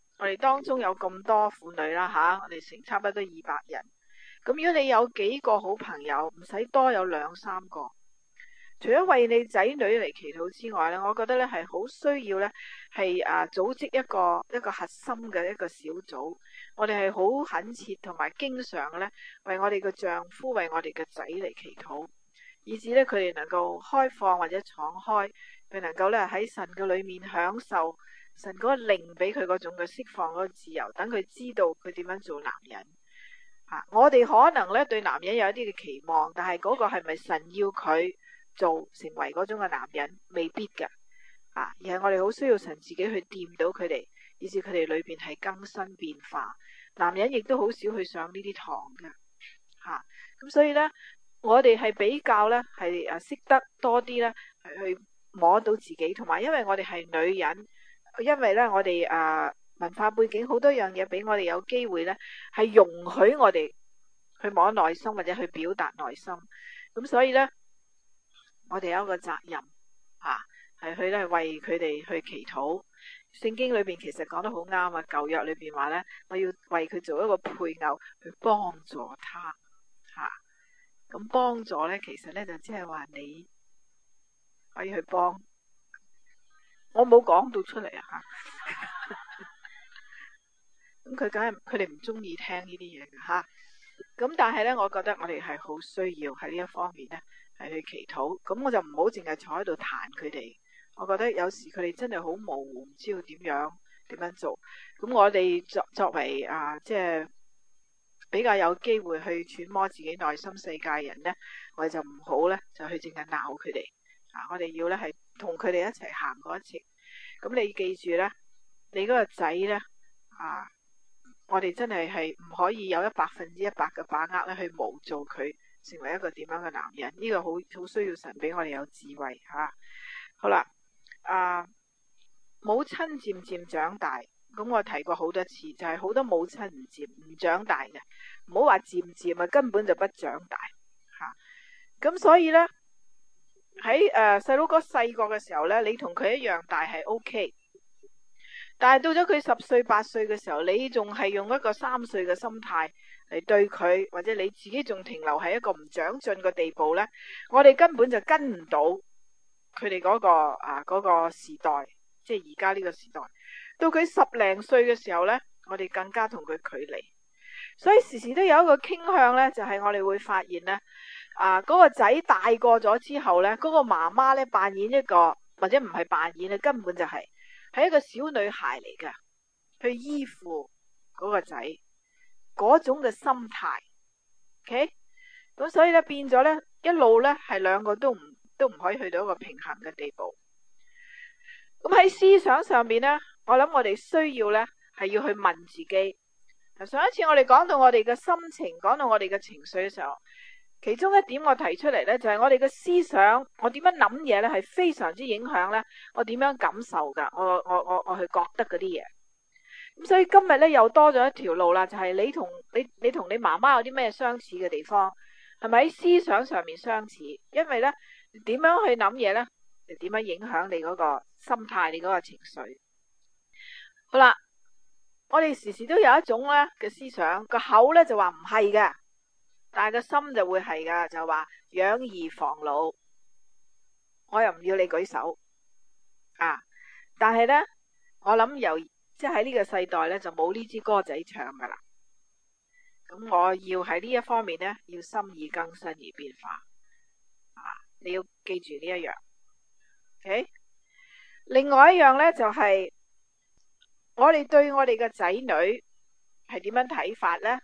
我哋當中有咁多婦女啦，吓、啊，我哋成差不多二百人。咁如果你有幾個好朋友，唔使多，有兩三個，除咗為你仔女嚟祈禱之外呢，我覺得呢係好需要呢，係啊組織一個一個核心嘅一個小組。我哋係好懇切同埋經常呢，為我哋嘅丈夫、為我哋嘅仔嚟祈禱，以致呢，佢哋能夠開放或者敞開，並能夠呢喺神嘅裏面享受。神嗰個靈俾佢嗰種嘅釋放嗰個自由，等佢知道佢點樣做男人。吓、啊，我哋可能咧對男人有一啲嘅期望，但係嗰個係咪神要佢做成為嗰種嘅男人，未必噶。啊，而係我哋好需要神自己去掂到佢哋，以致佢哋裏邊係更新變化。男人亦都好少去上呢啲堂嘅。吓、啊，咁所以咧，我哋係比較咧係誒識得多啲咧，去摸到自己，同埋因為我哋係女人。因為咧，我哋誒文化背景好多樣嘢，俾我哋有機會咧係容許我哋去摸內心或者去表達內心。咁所以咧，我哋有一個責任吓，係、啊、去咧為佢哋去祈禱。聖經裏邊其實講得好啱啊，舊約裏邊話咧，我要為佢做一個配偶去幫助他吓。咁、啊、幫助咧，其實咧就即係話你可以去幫。我冇講到出嚟啊！ [laughs] 咁佢梗係佢哋唔中意聽呢啲嘢嘅吓。咁但係咧，我覺得我哋係好需要喺呢一方面咧，係去祈禱。咁我就唔好淨係坐喺度彈佢哋。我覺得有時佢哋真係好模糊，唔知道點樣點樣做。咁我哋作作為啊，即係比較有機會去揣摩自己內心世界人咧，我哋就唔好咧就去淨係鬧佢哋。啊，我哋要咧係。同佢哋一齊行過一次，咁你記住咧，你嗰個仔呢，啊，我哋真係係唔可以有一百分之一百嘅把握咧去模造佢成為一個點樣嘅男人，呢、這個好好需要神俾我哋有智慧吓、啊。好啦，啊，母親漸漸長大，咁我提過好多次，就係、是、好多母親唔漸唔長大嘅，唔好話漸漸啊，根本就不長大吓。咁、啊、所以呢。喺誒，細佬、呃、哥細個嘅時候呢，你同佢一樣大係 OK，但係到咗佢十歲八歲嘅時候，你仲係用一個三歲嘅心態嚟對佢，或者你自己仲停留喺一個唔長進嘅地步呢，我哋根本就跟唔到佢哋嗰個啊、嗰個時代，即係而家呢個時代。到佢十零歲嘅時候呢，我哋更加同佢距離，所以時時都有一個傾向呢，就係、是、我哋會發現呢。啊！嗰個仔大過咗之後咧，嗰個媽媽咧扮演一個，或者唔係扮演咧，根本就係係一個小女孩嚟㗎，佢依附嗰個仔嗰種嘅心態。OK，咁所以咧變咗咧一路咧係兩個都唔都唔可以去到一個平衡嘅地步。咁喺思想上邊咧，我諗我哋需要咧係要去問自己。上一次我哋講到我哋嘅心情，講到我哋嘅情緒嘅時候。其中一點我提出嚟咧，就係我哋嘅思想，我點樣諗嘢咧，係非常之影響咧，我點樣感受噶，我我我我去覺得嗰啲嘢。咁所以今日咧又多咗一條路啦，就係你同你你同你媽媽有啲咩相似嘅地方？係咪喺思想上面相似？因為咧點樣去諗嘢咧，點樣影響你嗰個心態，你嗰個情緒。好啦，我哋時時都有一種咧嘅思想，個口咧就話唔係嘅。但係個心就會係噶就話養兒防老，我又唔要你舉手啊！但係咧，我諗由即係喺呢個世代咧，就冇呢支歌仔唱噶啦。咁我要喺呢一方面咧，要心意更新而變化啊！你要記住呢一樣。OK，另外一樣咧就係我哋對我哋嘅仔女係點樣睇法咧？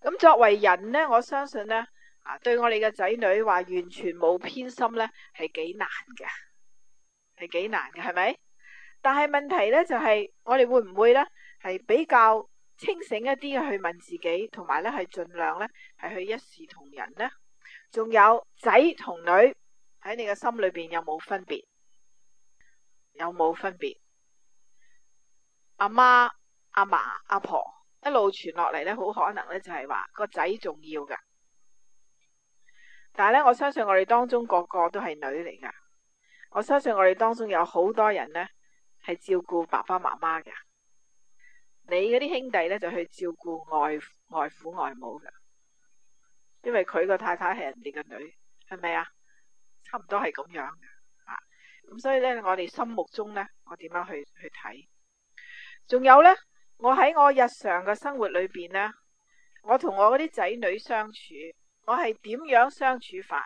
咁作為人咧，我相信咧，啊，對我哋嘅仔女話完全冇偏心咧，係幾難嘅，係幾難嘅，係咪？但係問題咧就係、是，我哋會唔會咧係比較清醒一啲去問自己，同埋咧係盡量咧係去一視同仁呢？仲有仔同女喺你嘅心裏邊有冇分別？有冇分別？阿媽，媽、阿嫲、阿婆。一路傳落嚟咧，好可能咧就係話個仔重要噶，但係咧我相信我哋當中個個都係女嚟噶，我相信我哋當，當中有好多人咧係照顧爸爸媽媽嘅，你嗰啲兄弟咧就去照顧外外父外母嘅，因為佢個太太係人哋個女，係咪啊？差唔多係咁樣啊，咁所以咧我哋心目中咧，我點樣去去睇？仲有咧？我喺我日常嘅生活裏邊呢我同我嗰啲仔女相處，我係點樣相處法？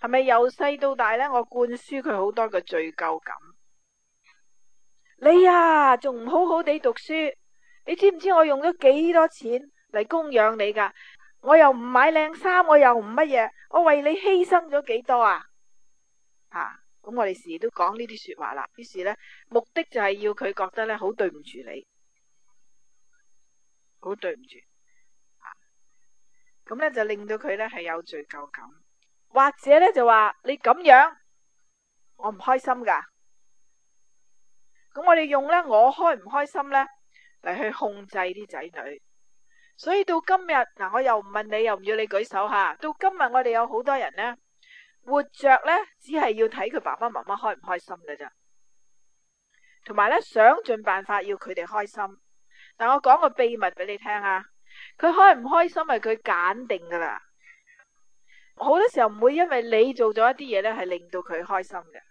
係咪由細到大呢？我灌輸佢好多嘅罪疚感。你呀，仲唔好好地讀書？你知唔知我用咗幾多錢嚟供養你噶？我又唔買靚衫，我又唔乜嘢，我為你犧牲咗幾多啊？吓、嗯，咁我哋時時都講呢啲說話啦。於是呢，目的就係要佢覺得呢，好對唔住你。好對唔住，咁咧就令到佢咧係有罪疚感，或者咧就話你咁樣，我唔開心噶。咁我哋用咧我開唔開心咧嚟去控制啲仔女，所以到今日嗱，啊，我又唔問你，又唔要你舉手吓。到今日我哋有好多人咧，活着咧只係要睇佢爸爸媽媽，媽，媽開唔開心噶咋。同埋咧想盡辦法要佢哋開心。但我講個秘密俾你聽啊，佢開唔開心係佢揀定噶啦，好多時候唔會因為你做咗一啲嘢咧係令到佢開心嘅，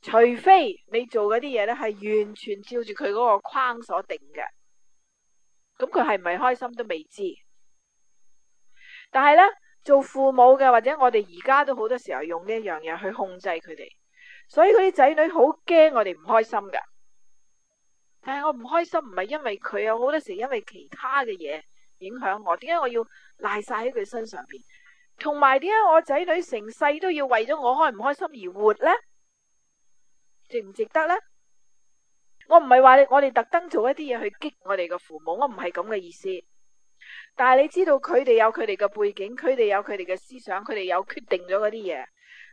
除非你做嗰啲嘢咧係完全照住佢嗰個框所定嘅，咁佢係唔係開心都未知。但係咧，做父母嘅或者我哋而家都好多時候用呢一樣嘢去控制佢哋，所以佢啲仔女好驚我哋唔開心噶。但係誒、哎，我唔開心，唔係因為佢，有好多時因為其他嘅嘢影響我。點解我要賴晒喺佢身上邊？同埋點解我仔女成世都要為咗我開唔開心而活咧？值唔值得咧？我唔係話我哋特登做一啲嘢去激我哋嘅父母，我唔係咁嘅意思。但係你知道，佢哋有佢哋嘅背景，佢哋有佢哋嘅思想，佢哋有決定咗嗰啲嘢。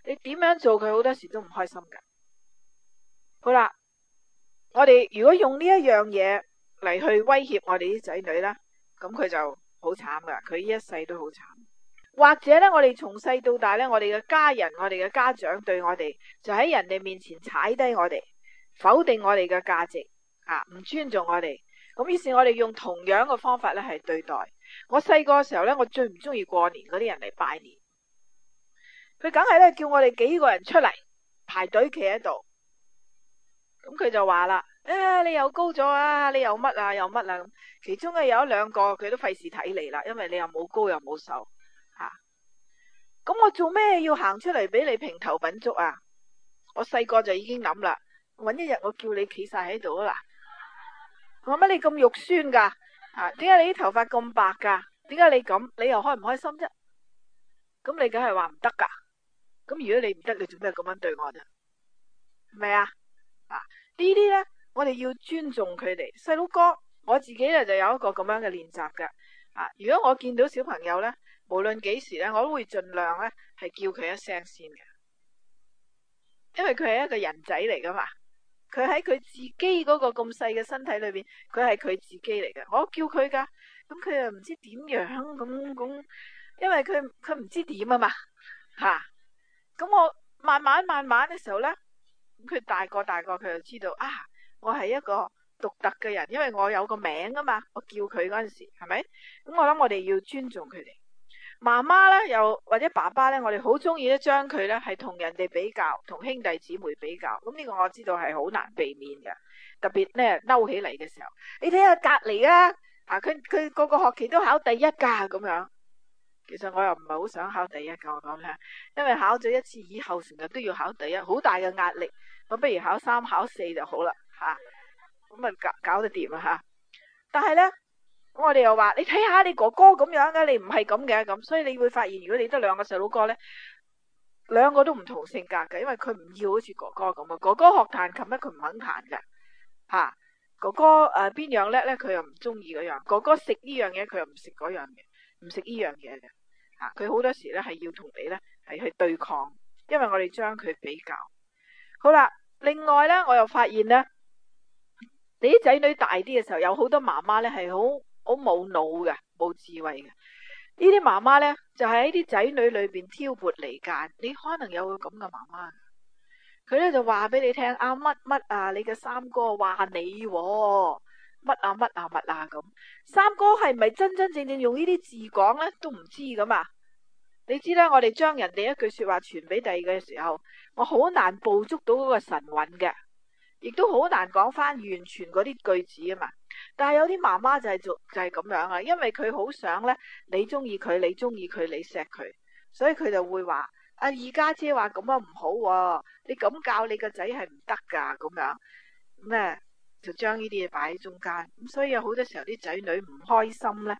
你點樣做，佢好多時都唔開心噶。好啦。我哋如果用呢一樣嘢嚟，去威脅我哋啲仔女啦，咁佢就好慘噶，佢呢一世都好慘。或者咧，我哋從細到大咧，我哋嘅家人、我哋嘅家長對我哋，就喺人哋面前踩低我哋，否定我哋嘅價值，啊，唔尊重我哋。咁於是我哋用同樣嘅方法咧，係對待我。細個嘅時候咧，我最唔中意過年嗰啲人嚟拜年，佢梗係咧叫我哋幾個人出嚟排隊企喺度。咁佢就話啦，啊、哎、你又高咗啊，你又乜啊又乜啊咁，其中嘅有一兩個佢都費事睇你啦，因為你又冇高又冇瘦，吓、啊，咁我做咩要行出嚟俾你平頭品足啊？我細個就已經諗啦，搵一日我叫你企晒喺度啦，話乜你咁肉酸噶，啊，點解你啲頭髮咁白噶？點解你咁？你又開唔開心啫？咁你梗係話唔得噶？咁如果你唔得，你做咩咁樣對我啫？係咪啊？啊、呢啲咧，我哋要尊重佢哋。細佬哥，我自己咧就有一個咁樣嘅練習噶。啊，如果我見到小朋友咧，無論幾時咧，我都會盡量咧係叫佢一聲先嘅，因為佢係一個人仔嚟噶嘛。佢喺佢自己嗰個咁細嘅身體裏邊，佢係佢自己嚟嘅。我叫佢噶，咁佢又唔知點樣咁咁，因為佢佢唔知點啊嘛。吓、啊，咁我慢慢慢慢嘅時候咧，佢大個大個，佢就知道啊，我係一個獨特嘅人，因為我有個名啊嘛。我叫佢嗰陣時係咪？咁我諗我哋要尊重佢哋。媽媽咧，又或者爸爸咧，我哋好中意咧將佢咧係同人哋比較，同兄弟姊妹比較。咁、這、呢個我知道係好難避免嘅，特別咧嬲起嚟嘅時候，你睇下隔籬啊，啊佢佢個個學期都考第一噶咁樣。其實我又唔係好想考第一噶我講咧，因為考咗一次以後，成日都要考第一，好大嘅壓力。咁不如考三考四就好啦，吓、啊，咁啊搞搞得掂啊吓。但係咧，我哋又話你睇下你哥哥咁樣嘅，你唔係咁嘅，咁所以你會發現，如果你得兩個細佬哥咧，兩個都唔同性格嘅，因為佢唔要好似哥哥咁啊。哥哥學彈琴咧，佢唔肯彈嘅，吓、啊。哥哥誒邊、呃、樣叻咧，佢又唔中意嗰樣。哥哥食呢樣嘢，佢又唔食嗰樣嘅，唔食呢樣嘢嘅。佢好多時咧係要同你咧係去對抗，因為我哋將佢比較。好啦，另外咧，我又發現咧，你啲仔女大啲嘅時候，有好多媽媽咧係好好冇腦嘅，冇智慧嘅。媽媽呢啲媽媽咧就喺啲仔女裏邊挑撥離間。你可能有個咁嘅媽媽，佢咧就話俾你聽啊乜乜啊，你嘅三哥話你、哦。乜啊乜啊乜啊咁，啊，三哥係咪真真正正用講呢啲字講咧？都唔知噶啊。你知咧，我哋將人哋一句說話傳俾第二個嘅時候，我好難捕捉到嗰個神韻嘅，亦都好難講翻完全嗰啲句子啊嘛。但係有啲媽媽就係、是、做就係、是、咁樣啊，因為佢好想咧，你中意佢，你中意佢，你錫佢，所以佢就會話，阿、啊、二家姐話咁樣唔好喎，啊，你咁教你個仔係唔得噶咁樣咩？嗯就將呢啲嘢擺喺中間咁，所以有好多時候啲仔女唔開心呢，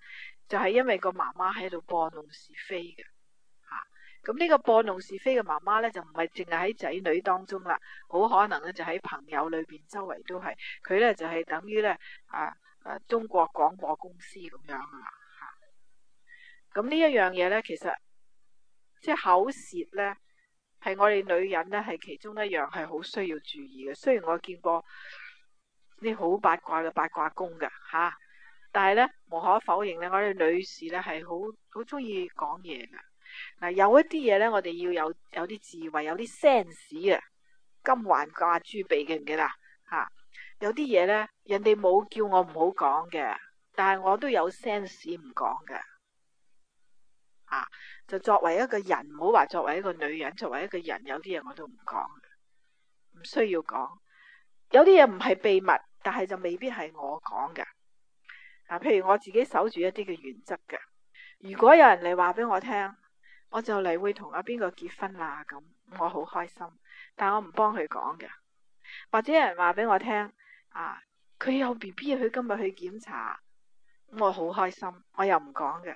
就係、是、因為個媽媽喺度播弄是非嘅吓。咁、啊、呢個播弄是非嘅媽媽呢，就唔係淨係喺仔女當中啦，好可能呢就喺朋友裏邊周圍都係佢呢，就係、是、等於呢啊，啊中國廣播公司咁樣啊吓。咁呢一樣嘢呢，其實即係、就是、口舌呢，係我哋女人呢，係其中一樣係好需要注意嘅。雖然我見過。啲好八卦嘅，八卦功嘅吓、啊，但係咧無可否認咧，我哋女士咧係好好中意講嘢嘅。嗱、啊，有一啲嘢咧，我哋要有有啲智慧，有啲 sense 啊，金環掛豬鼻，記唔記得？吓，有啲嘢咧，人哋冇叫我唔好講嘅，但係我都有 sense 唔講嘅。啊，就作為一個人，唔好話作為一個女人，作為一個人，有啲嘢我都唔講，唔需要講。有啲嘢唔係秘密。但係就未必係我講嘅，啊，譬如我自己守住一啲嘅原則嘅。如果有人嚟話俾我聽，我就嚟會同阿邊個結婚啦，咁我好開心。但我唔幫佢講嘅。或者有人話俾我聽，啊，佢有 BB，佢今日去檢查，我好開心，我又唔講嘅，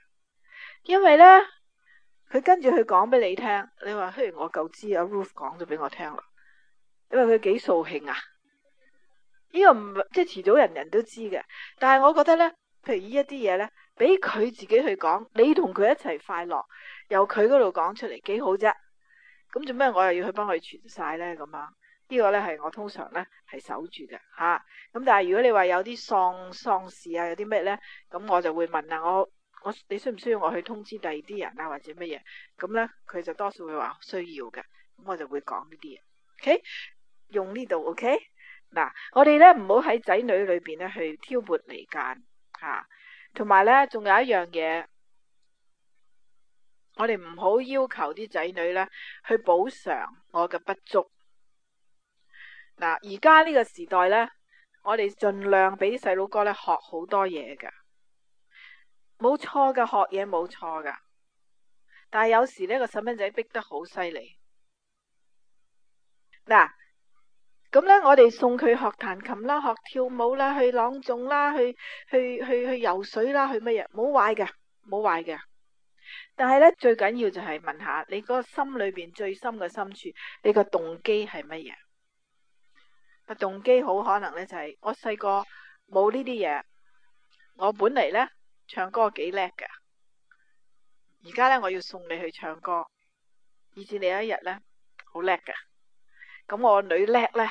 因為呢，佢跟住佢講俾你聽，你話雖然我夠知阿 Ruth 講咗俾我聽啦，因為佢幾掃興啊。呢個唔即係遲早人人都知嘅？但係我覺得呢，譬如呢一啲嘢呢，俾佢自己去講，你同佢一齊快樂，由佢嗰度講出嚟幾好啫。咁做咩我又要去幫佢傳晒呢？咁樣呢、呢個呢係我通常呢係守住嘅吓。咁、啊、但係如果你話有啲喪喪事啊，有啲咩呢，咁我就會問啦，我我你需唔需要我去通知第二啲人啊，或者乜嘢？咁呢，佢就多數會話需要嘅，咁我就會講呢啲嘢。Okay? 用呢度 OK。嗱，我哋咧唔好喺仔女裏邊咧去挑撥離間，吓、啊，同埋咧仲有一樣嘢，我哋唔好要求啲仔女咧去補償我嘅不足。嗱，而家呢個時代咧，我哋盡量俾啲細路哥咧學好多嘢噶，冇錯噶，學嘢冇錯噶，但係有時呢個細蚊仔逼得好犀利，嗱。咁呢，我哋送佢學彈琴啦，學跳舞啦，去朗誦啦，去去去去游水啦，去乜嘢？冇壞嘅，冇壞嘅。但係呢，最緊要就係問下你個心裏邊最深嘅深處，你個動機係乜嘢？個動機好可能呢就係我細個冇呢啲嘢，我本嚟呢唱歌幾叻嘅，而家呢我要送你去唱歌，以致你有一日呢好叻嘅。咁我女叻呢。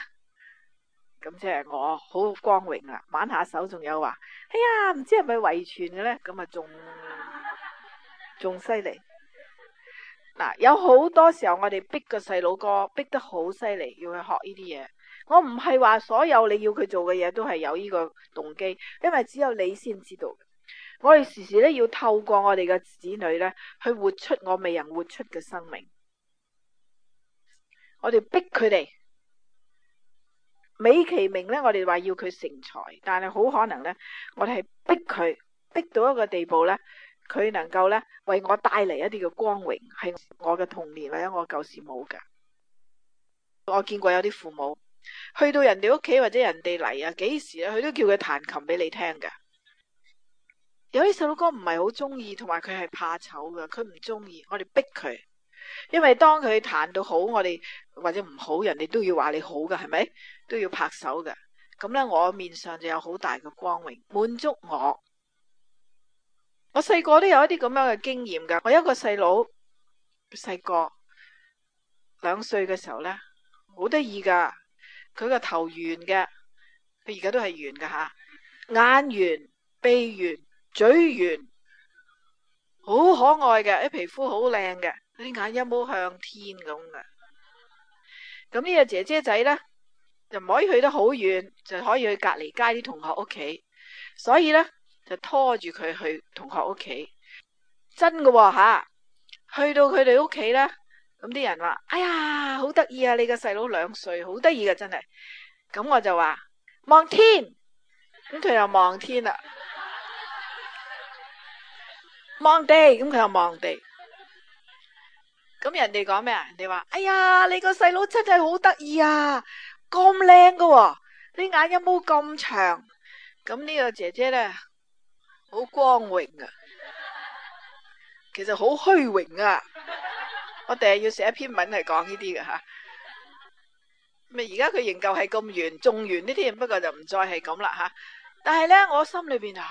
咁即係我好光榮啊！玩下手仲有話，哎呀，唔知係咪遺傳嘅咧？咁啊，仲仲犀利！嗱，有好多時候我哋逼個細佬哥，逼得好犀利，要去學呢啲嘢。我唔係話所有你要佢做嘅嘢都係有呢個動機，因為只有你先知道。我哋時時咧要透過我哋嘅子女咧，去活出我未能活出嘅生命。我哋逼佢哋。美其名咧，我哋話要佢成才，但係好可能咧，我哋係逼佢，逼到一個地步咧，佢能夠咧為我帶嚟一啲嘅光榮，係我嘅童年或者我舊時冇噶。 [noise] 我見過有啲父母去到人哋屋企或者人哋嚟啊，幾時啊佢都叫佢彈琴俾你聽噶。有啲細佬哥唔係好中意，同埋佢係怕醜噶，佢唔中意，我哋逼佢。因為當佢彈到好，我哋或者唔好，人哋都要話你好噶，係咪？都要拍手嘅，咁呢，我面上就有好大嘅光榮，滿足我。我細個都有一啲咁樣嘅經驗噶。我一個細佬細個兩歲嘅時候呢，好得意噶，佢個頭圓嘅，佢而家都係圓嘅吓，眼圓、鼻圓、嘴圓，好可愛嘅，啲皮膚好靚嘅，啲眼一毛向天咁嘅。咁呢個姐姐仔呢，就唔可以去得好遠，就可以去隔籬街啲同學屋企，所以呢，就拖住佢去同學屋企，真噶吓、哦，去到佢哋屋企呢，咁啲人話：哎呀，好得意啊！你個細佬兩歲，好得意噶，真係。咁我就話望天，咁佢又望天啦、啊，望地，咁佢又望地，咁人哋講咩啊？人哋話：哎呀，你個細佬真係好得意啊！咁靚噶，你、哦、眼有冇咁長？咁、這、呢個姐姐呢，好光榮啊！其實好虛榮啊！我定係要寫一篇文嚟講呢啲噶吓。咪而家佢仍舊係咁圓仲圓呢啲，不過就唔再係咁啦吓。但係呢，我心裏邊啊，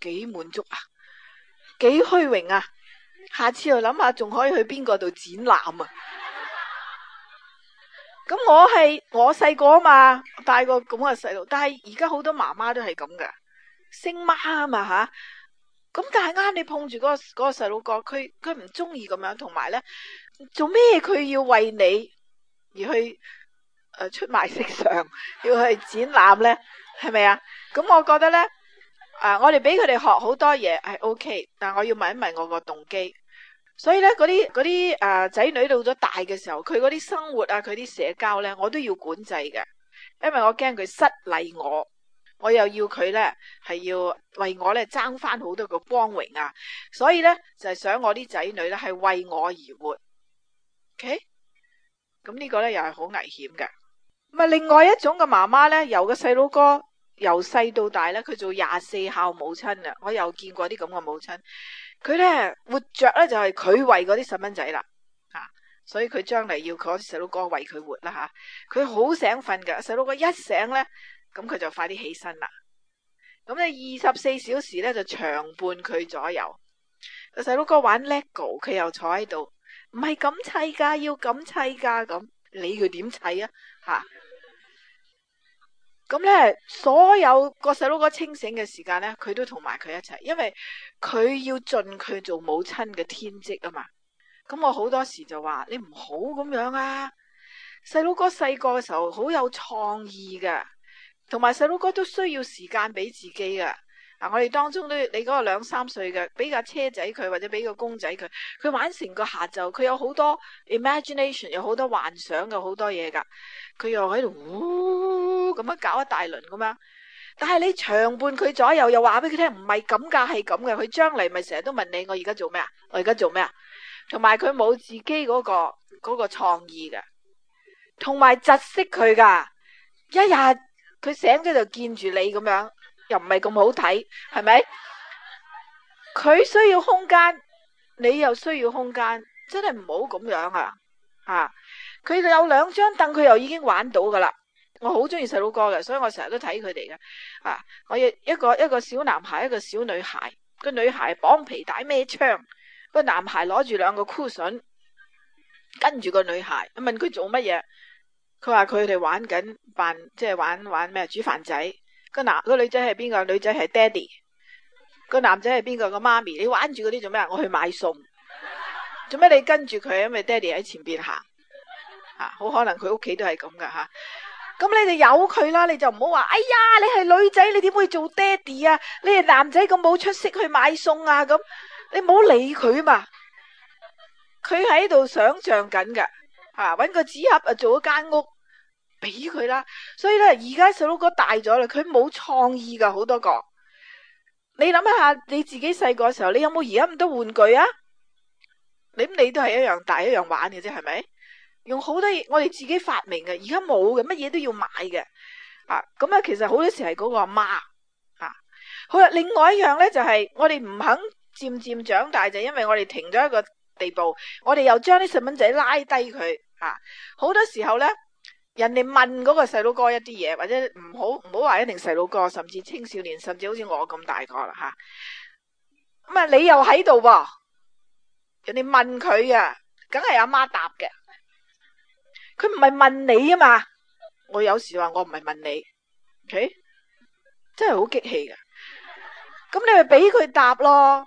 幾滿足啊，幾虛榮啊！下次又諗下，仲可以去邊個度展覽啊？咁我係我細個啊嘛，帶個咁個細路，但係而家好多媽媽都係咁噶星媽啊嘛吓。咁但係啱你碰住、嗰個、嗰個細路哥，佢佢唔中意咁樣，同埋咧做咩佢要為你而去誒、呃、出賣色相，要去展覽咧，係咪啊？咁我覺得咧，啊、呃、我哋俾佢哋學好多嘢係 OK，但係我要問一問我個動機。所以咧，嗰啲啲誒仔女到咗大嘅時候，佢嗰啲生活啊，佢啲社交咧，我都要管制嘅，因為我驚佢失禮我，我又要佢咧係要為我咧爭翻好多個光榮啊！所以咧就係、是、想我啲仔女咧係為我而活。OK，咁呢個咧又係好危險嘅。咁啊，另外一種嘅媽媽咧，由個細佬哥由細到大咧，佢做廿四孝母親啊！我又見過啲咁嘅母親。佢咧活着咧就係、是、佢為嗰啲細蚊仔啦，吓、啊，所以佢將嚟要佢細佬哥為佢活啦吓，佢、啊、好醒瞓噶，細佬哥一醒咧，咁佢就快啲起身啦，咁咧二十四小時咧就長伴佢左右。個細佬哥玩 Lego，佢又坐喺度，唔係咁砌噶，要咁砌噶，咁理佢點砌啊吓？咁、啊、咧所有個細佬哥清醒嘅時間咧，佢都同埋佢一齊，因為。佢要盡佢做母親嘅天職啊嘛，咁我好多時就話你唔好咁樣啊！細佬哥細個嘅時候好有創意嘅，同埋細佬哥都需要時間俾自己噶。啊，我哋當中都你嗰個兩三歲嘅，俾架車仔佢，或者俾個公仔佢，佢玩成個下晝，佢有好多 imagination，有好多幻想，有好多嘢噶，佢又喺度嗚，咁樣搞一大輪咁樣。但係你長伴佢左右又，又話俾佢聽唔係咁噶，係咁嘅。佢將嚟咪成日都問你，我而家做咩啊？我而家做咩啊？同埋佢冇自己嗰、嗰個嗰、嗰個創意嘅，同埋窒息佢噶。一日佢醒咗就見住你咁樣，又唔係咁好睇，係咪？佢需要空間，你又需要空間，真係唔好咁樣啊！啊，佢有兩張凳，佢又已經玩到噶啦。我好中意細佬哥嘅，所以我成日都睇佢哋嘅。啊，我一一個一個小男孩，一個小女孩。個女孩綁皮帶孭槍，個男孩攞住兩個箍笋，跟住個女孩。問佢做乜嘢？佢話佢哋玩緊扮，即係、就是、玩玩咩？煮飯仔。個男個女仔係邊個？女仔係爹哋，個男仔係邊個？個媽咪。你玩住嗰啲做咩？我去買餸。做咩你跟住佢？因為爹哋喺前邊行。啊，好可能佢屋企都係咁噶吓。啊咁你就由佢啦，你就唔好話，哎呀，你係女仔，你點會做爹哋啊？你係男仔咁冇出息，去買餸啊，咁，你唔好理佢嘛。佢喺度想象緊噶，啊，搵個紙盒啊，做一間屋俾佢啦。所以咧，而家細佬哥大咗啦，佢冇創意噶，好多個。你諗下你自己細個嘅時候，你有冇而家咁多玩具啊？咁你都係一樣大，一樣玩嘅啫，係咪？用好多嘢，我哋自己發明嘅，而家冇嘅，乜嘢都要買嘅，啊，咁啊，其實好多時係嗰個阿媽，媽，啊，好啦，另外一樣咧就係、是、我哋唔肯漸漸長大，就是、因為我哋停咗一個地步，我哋又將啲細蚊仔拉低佢，啊，好多時候咧，人哋問嗰個細佬哥一啲嘢，或者唔好唔好話一定細佬哥，甚至青少年，甚至好似我咁大個啦吓，咁啊你又喺度喎，人哋問佢啊，梗係阿媽答嘅。佢唔係問你啊嘛，我有時話我唔係問你，OK，真係好激氣噶，咁你咪俾佢答咯，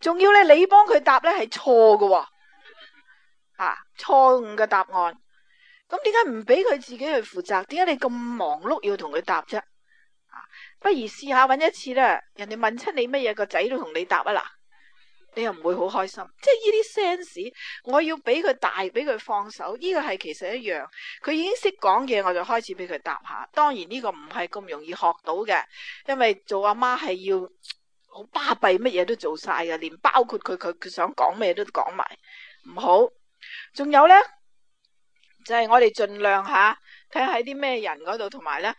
仲要咧你幫佢答咧係錯噶、啊、吓、啊、錯誤嘅答案，咁點解唔俾佢自己去負責？點解你咁忙碌要同佢答啫？啊，不如試下揾一次啦，人哋問親你乜嘢個仔都同你答啊啦。你又唔會好開心，即係呢啲 sense，我要俾佢大，俾佢放手，呢個係其實一樣。佢已經識講嘢，我就開始俾佢答下。當然呢個唔係咁容易學到嘅，因為做阿媽係要好巴閉，乜嘢都做晒嘅，連包括佢佢佢想講咩都講埋，唔好。仲有呢，就係我哋盡量吓睇下喺啲咩人嗰度，同埋呢，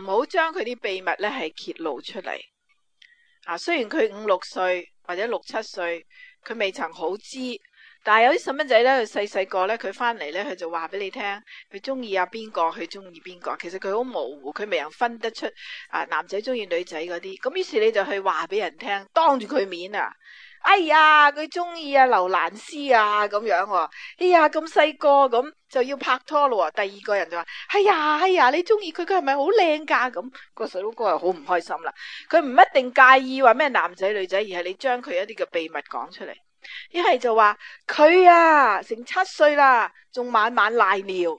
唔好將佢啲秘密呢係揭露出嚟。啊，雖然佢五六歲。或者六七歲，佢未曾好知，但係有啲細蚊仔咧，佢細細個咧，佢翻嚟咧，佢就話俾你聽，佢中意阿邊個，佢中意邊個，其實佢好模糊，佢未能分得出啊，男仔中意女仔嗰啲，咁於是你就去話俾人聽，當住佢面啊。哎呀，佢中意啊，劉蘭詩啊，咁樣喎、啊。哎呀，咁細個咁就要拍拖啦。第二個人就話：，哎呀，哎呀，你中意佢，佢係咪好靚噶？咁、那個細佬哥係好唔開心啦。佢唔一定介意話咩男仔女仔，而係你將佢一啲嘅秘密講出嚟。一係就話佢啊，成七歲啦，仲晚晚賴尿。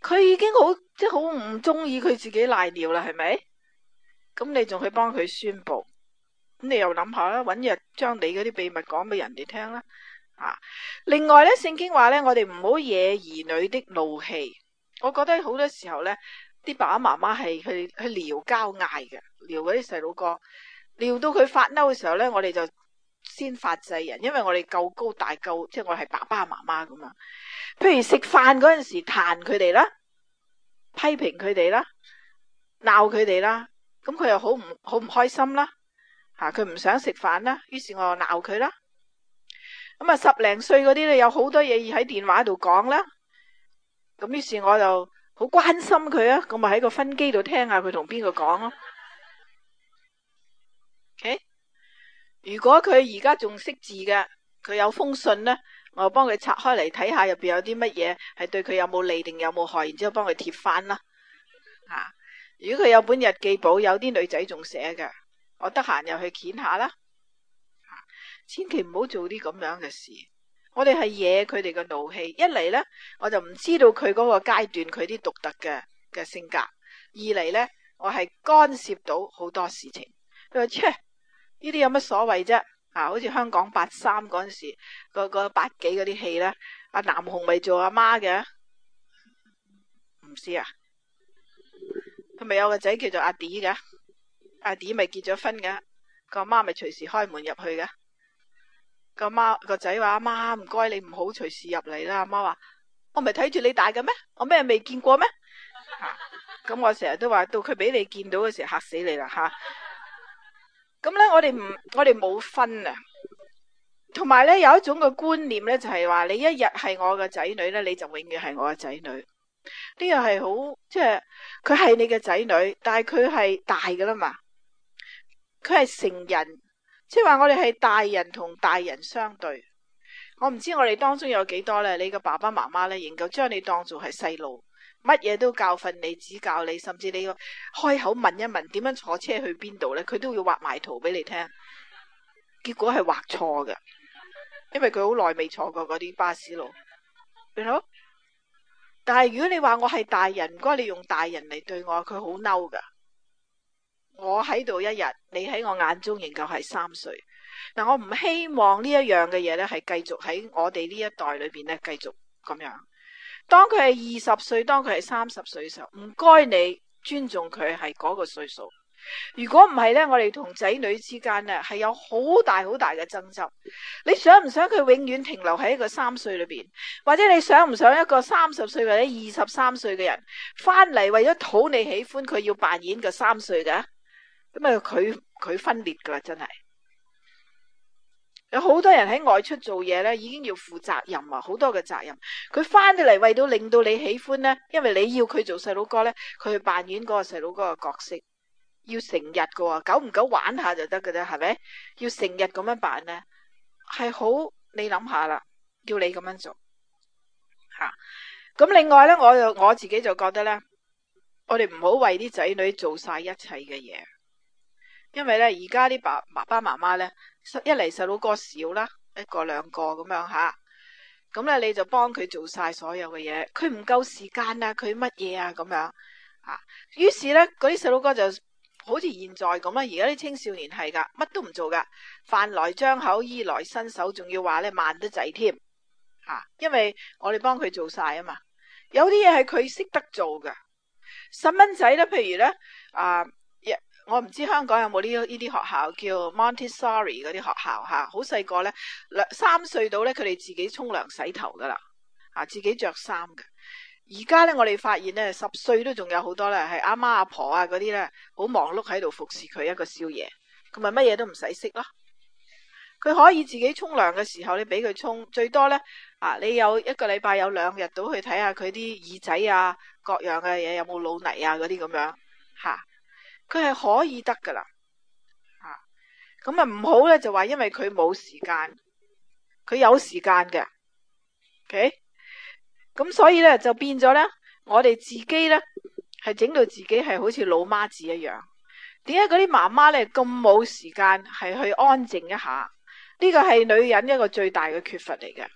佢已經好即係好唔中意佢自己賴尿啦，係咪？咁你仲去幫佢宣佈？咁你又諗下啦，搵日將你嗰啲秘密講俾人哋聽啦。啊，另外咧，聖經話咧，我哋唔好惹兒女的怒氣。我覺得好多時候咧，啲爸爸媽媽係去去撩交嗌嘅，撩嗰啲細佬哥，撩到佢發嬲嘅時候咧，我哋就先發制人，因為我哋夠高大夠，夠即係我係爸爸媽媽咁啊。譬如食飯嗰陣時，彈佢哋啦，批評佢哋啦，鬧佢哋啦。咁佢又好唔好唔開心啦？吓、啊，佢唔想食飯啦，於是我又鬧佢啦。咁、嗯、啊，十零歲嗰啲咧，有好多嘢要喺電話度講啦。咁於是我就好關心佢啊，咁咪喺個分機度聽下佢同邊個講咯。Okay? 如果佢而家仲識字嘅，佢有封信呢，我就幫佢拆開嚟睇下入邊有啲乜嘢，係對佢有冇利定有冇害，然之後幫佢貼翻啦。啊！如果佢有本日記簿，有啲女仔仲寫嘅，我得閒又去撿下啦。千祈唔好做啲咁樣嘅事。我哋係惹佢哋嘅怒氣。一嚟呢，我就唔知道佢嗰個階段佢啲獨特嘅嘅性格；二嚟呢，我係干涉到好多事情。佢話切，呢啲有乜所謂啫？啊，好似香港八三嗰陣時，嗰個八幾嗰啲戲呢，阿南紅咪做阿媽嘅，唔知啊。咪有個仔叫做阿 D 嘅，阿 D 咪結咗婚嘅，個媽咪隨時開門入去嘅。個媽個仔話阿媽唔該你唔好隨時入嚟啦。阿媽話我咪睇住你大嘅咩？我咩未見過咩？咁、啊嗯、我成日都話到佢俾你見到嘅時候吓死你啦吓！咁咧我哋唔我哋冇分啊，同埋咧有一種嘅觀念咧就係、是、話你一日係我嘅仔女咧，你就永遠係我嘅仔女。呢個係好，即係佢係你嘅仔女，但係佢係大噶啦嘛，佢係成人，即係話我哋係大人同大人相對。我唔知我哋當中有幾多咧，你嘅爸爸媽媽咧，仍舊將你當做係細路，乜嘢都教訓你、指教你，甚至你個開口問一問點樣坐車去邊度咧，佢都會畫埋圖俾你聽。結果係畫錯嘅，因為佢好耐未坐過嗰啲巴士路。但係如果你話我係大人，唔該你用大人嚟對我，佢好嬲噶。我喺度一日，你喺我眼中仍舊係三歲。嗱，我唔希望呢一樣嘅嘢咧，係繼續喺我哋呢一代裏邊咧繼續咁樣。當佢係二十歲，當佢係三十歲嘅時候，唔該你尊重佢係嗰個歲數。如果唔係呢，我哋同仔女之間呢係有好大好大嘅爭執。你想唔想佢永遠停留喺一個三歲裏邊？或者你想唔想一個三十歲或者二十三歲嘅人翻嚟為咗討你喜歡，佢要扮演個三歲嘅？咁啊，佢佢分裂噶啦，真係有好多人喺外出做嘢呢已經要負責任啊，好多嘅責任。佢翻到嚟為到令到你喜歡呢，因為你要佢做細佬哥呢，佢去扮演嗰個細佬哥嘅角色。要成日嘅喎，久唔久玩下就得嘅啫，係咪？要成日咁樣辦呢？係好你諗下啦。叫你咁樣做吓，咁、啊、另外呢，我又我自己就覺得呢，我哋唔好為啲仔女做晒一切嘅嘢，因為呢，而家啲爸爸爸媽媽咧，一嚟，細佬哥少啦，一個兩個咁樣吓，咁、啊、咧你就幫佢做晒所有嘅嘢，佢唔夠時間啊，佢乜嘢啊咁樣啊，啊、於是呢，嗰啲細佬哥就。好似現在咁啦，而家啲青少年係噶，乜都唔做噶，飯來張口，衣來伸手，仲要話咧慢得滯添嚇，因為我哋幫佢做晒啊嘛。有啲嘢係佢識得做噶，細蚊仔咧，譬如咧啊，我唔知香港有冇呢啲呢啲學校叫 Montessori 嗰啲學校嚇，好細個咧，兩三歲到咧，佢哋自己沖涼洗頭噶啦，啊，自己着衫嘅。而家咧，我哋發現咧，十歲都仲有好多咧，係阿媽阿婆啊嗰啲咧，好忙碌喺度服侍佢一個少爺。咁咪乜嘢都唔使識咯。佢可以自己沖涼嘅時候，你俾佢沖，最多咧啊，你有一個禮拜有兩日到，去睇下佢啲耳仔啊，各樣嘅嘢有冇老泥啊嗰啲咁樣嚇，佢、啊、係可以得噶啦嚇。咁啊唔好咧，就話因為佢冇時間，佢有時間嘅，OK。咁所以呢，就變咗呢。我哋自己呢，係整到自己係好似老媽子一樣。點解嗰啲媽媽呢，咁冇時間係去安靜一下？呢個係女人一個最大嘅缺乏嚟嘅，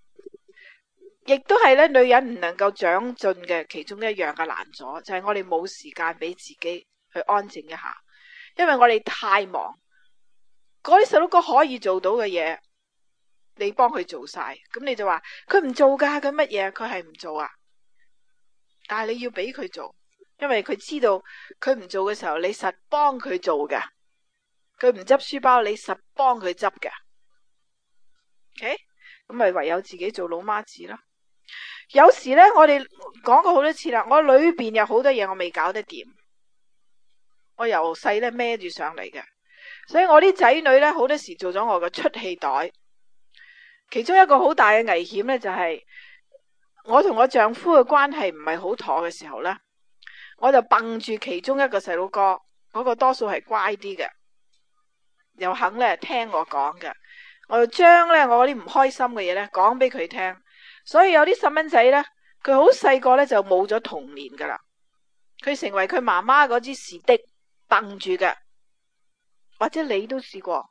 亦都係呢女人唔能夠長進嘅其中一樣嘅難處，就係我哋冇時間俾自己去安靜一下，因為我哋太忙，嗰啲細佬哥可以做到嘅嘢。你幫佢做晒，咁你就話佢唔做噶，佢乜嘢？佢係唔做啊！但係你要俾佢做，因為佢知道佢唔做嘅時候，你實幫佢做噶。佢唔執書包，你實幫佢執噶。咁、okay? 咪唯有自己做老媽子啦。有時呢，我哋講過好多次啦，我裏邊有好多嘢我未搞得掂，我由細咧孭住上嚟嘅，所以我啲仔女呢，好多時做咗我嘅出氣袋。其中一個好大嘅危險呢，就係、是、我同我丈夫嘅關係唔係好妥嘅時候呢，我就掹住其中一個細佬哥，嗰、那個多數係乖啲嘅，又肯呢聽我講嘅，我就將呢我啲唔開心嘅嘢呢講俾佢聽，所以有啲細蚊仔呢，佢好細個呢就冇咗童年噶啦，佢成為佢媽媽嗰支是的掹住嘅，或者你都試過，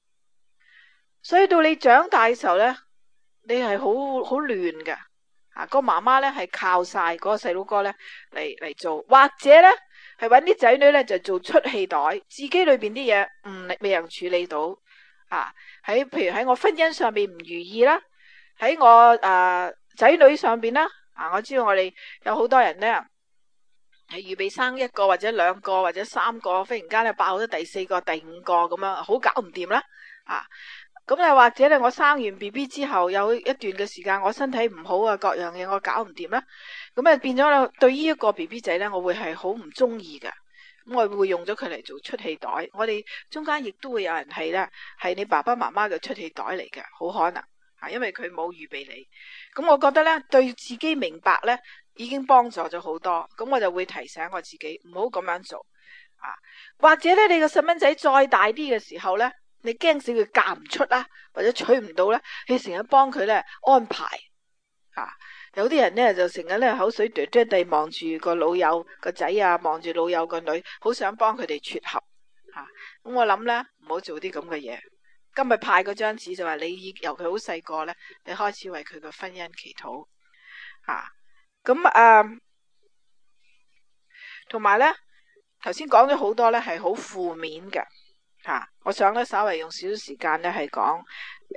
所以到你長大嘅時候呢。你係好好亂噶，啊個媽媽咧係靠晒嗰個細佬哥咧嚟嚟做，或者咧係搵啲仔女咧就做出氣袋，自己裏邊啲嘢唔未能處理到，啊喺譬如喺我婚姻上邊唔如意啦，喺我誒仔女上邊啦，啊我知道我哋有好多人咧係預備生一個或者兩個或者三個，忽然間咧爆咗第四個第五個咁樣，好搞唔掂啦，啊。咁又或者咧，我生完 BB 之後有一段嘅時間，我身體唔好啊，各樣嘢我搞唔掂啦。咁啊變咗，對於一個 BB 仔咧，我會係好唔中意嘅。咁我會用咗佢嚟做出氣袋。我哋中間亦都會有人係咧，係你爸爸媽媽嘅出氣袋嚟嘅，好可能啊，因為佢冇預備你。咁我覺得咧，對自己明白咧，已經幫助咗好多。咁我就會提醒我自己唔好咁樣做啊。或者咧，你個細蚊仔再大啲嘅時候咧。你驚死佢嫁唔出啦，或者娶唔到咧？你成日幫佢咧安排，吓、啊、有啲人咧就成日咧口水嘟嘟地望住個老友個仔啊，望住老友個女，好想幫佢哋撮合。吓、啊、咁我諗咧，唔好做啲咁嘅嘢。今日派嗰張紙就話，你由佢好細個咧，你開始為佢嘅婚姻祈禱。吓咁啊，同埋咧，頭先講咗好多咧，係好負面㗎。吓、啊，我想咧稍微用少少時間咧係講，誒嗰、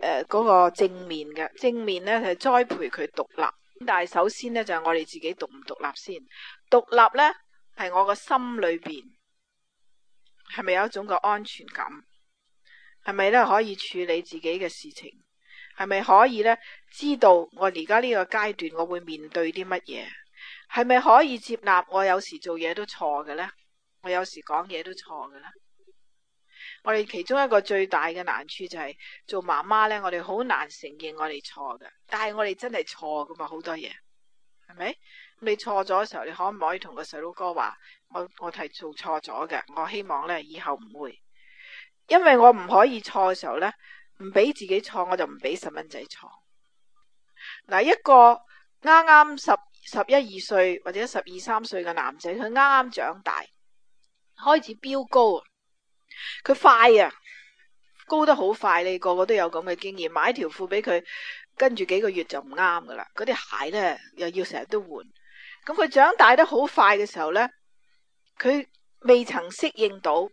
呃那個正面嘅，正面咧係栽培佢獨立。但係首先咧就係、是、我哋自己獨唔獨立先，獨立咧係我個心裏邊係咪有一種嘅安全感，係咪咧可以處理自己嘅事情，係咪可以咧知道我而家呢個階段我會面對啲乜嘢，係咪可以接納我有時做嘢都錯嘅咧，我有時講嘢都錯嘅咧。我哋其中一個最大嘅難處就係做媽媽呢。我哋好難承認我哋錯嘅，但係我哋真係錯噶嘛，好多嘢係咪？你錯咗嘅時候，你可唔可以同個細佬哥話我，我係做錯咗嘅，我希望呢，以後唔會，因為我唔可以錯嘅時候呢，唔俾自己錯，我就唔俾細蚊仔錯。嗱，一個啱啱十十一二歲或者十二三歲嘅男仔，佢啱啱長大，開始飆高。佢快啊，高得好快，你個個都有咁嘅經驗。買條褲俾佢，跟住幾個月就唔啱噶啦。嗰啲鞋呢，又要成日都換。咁佢長大得好快嘅時候呢，佢未曾適應到，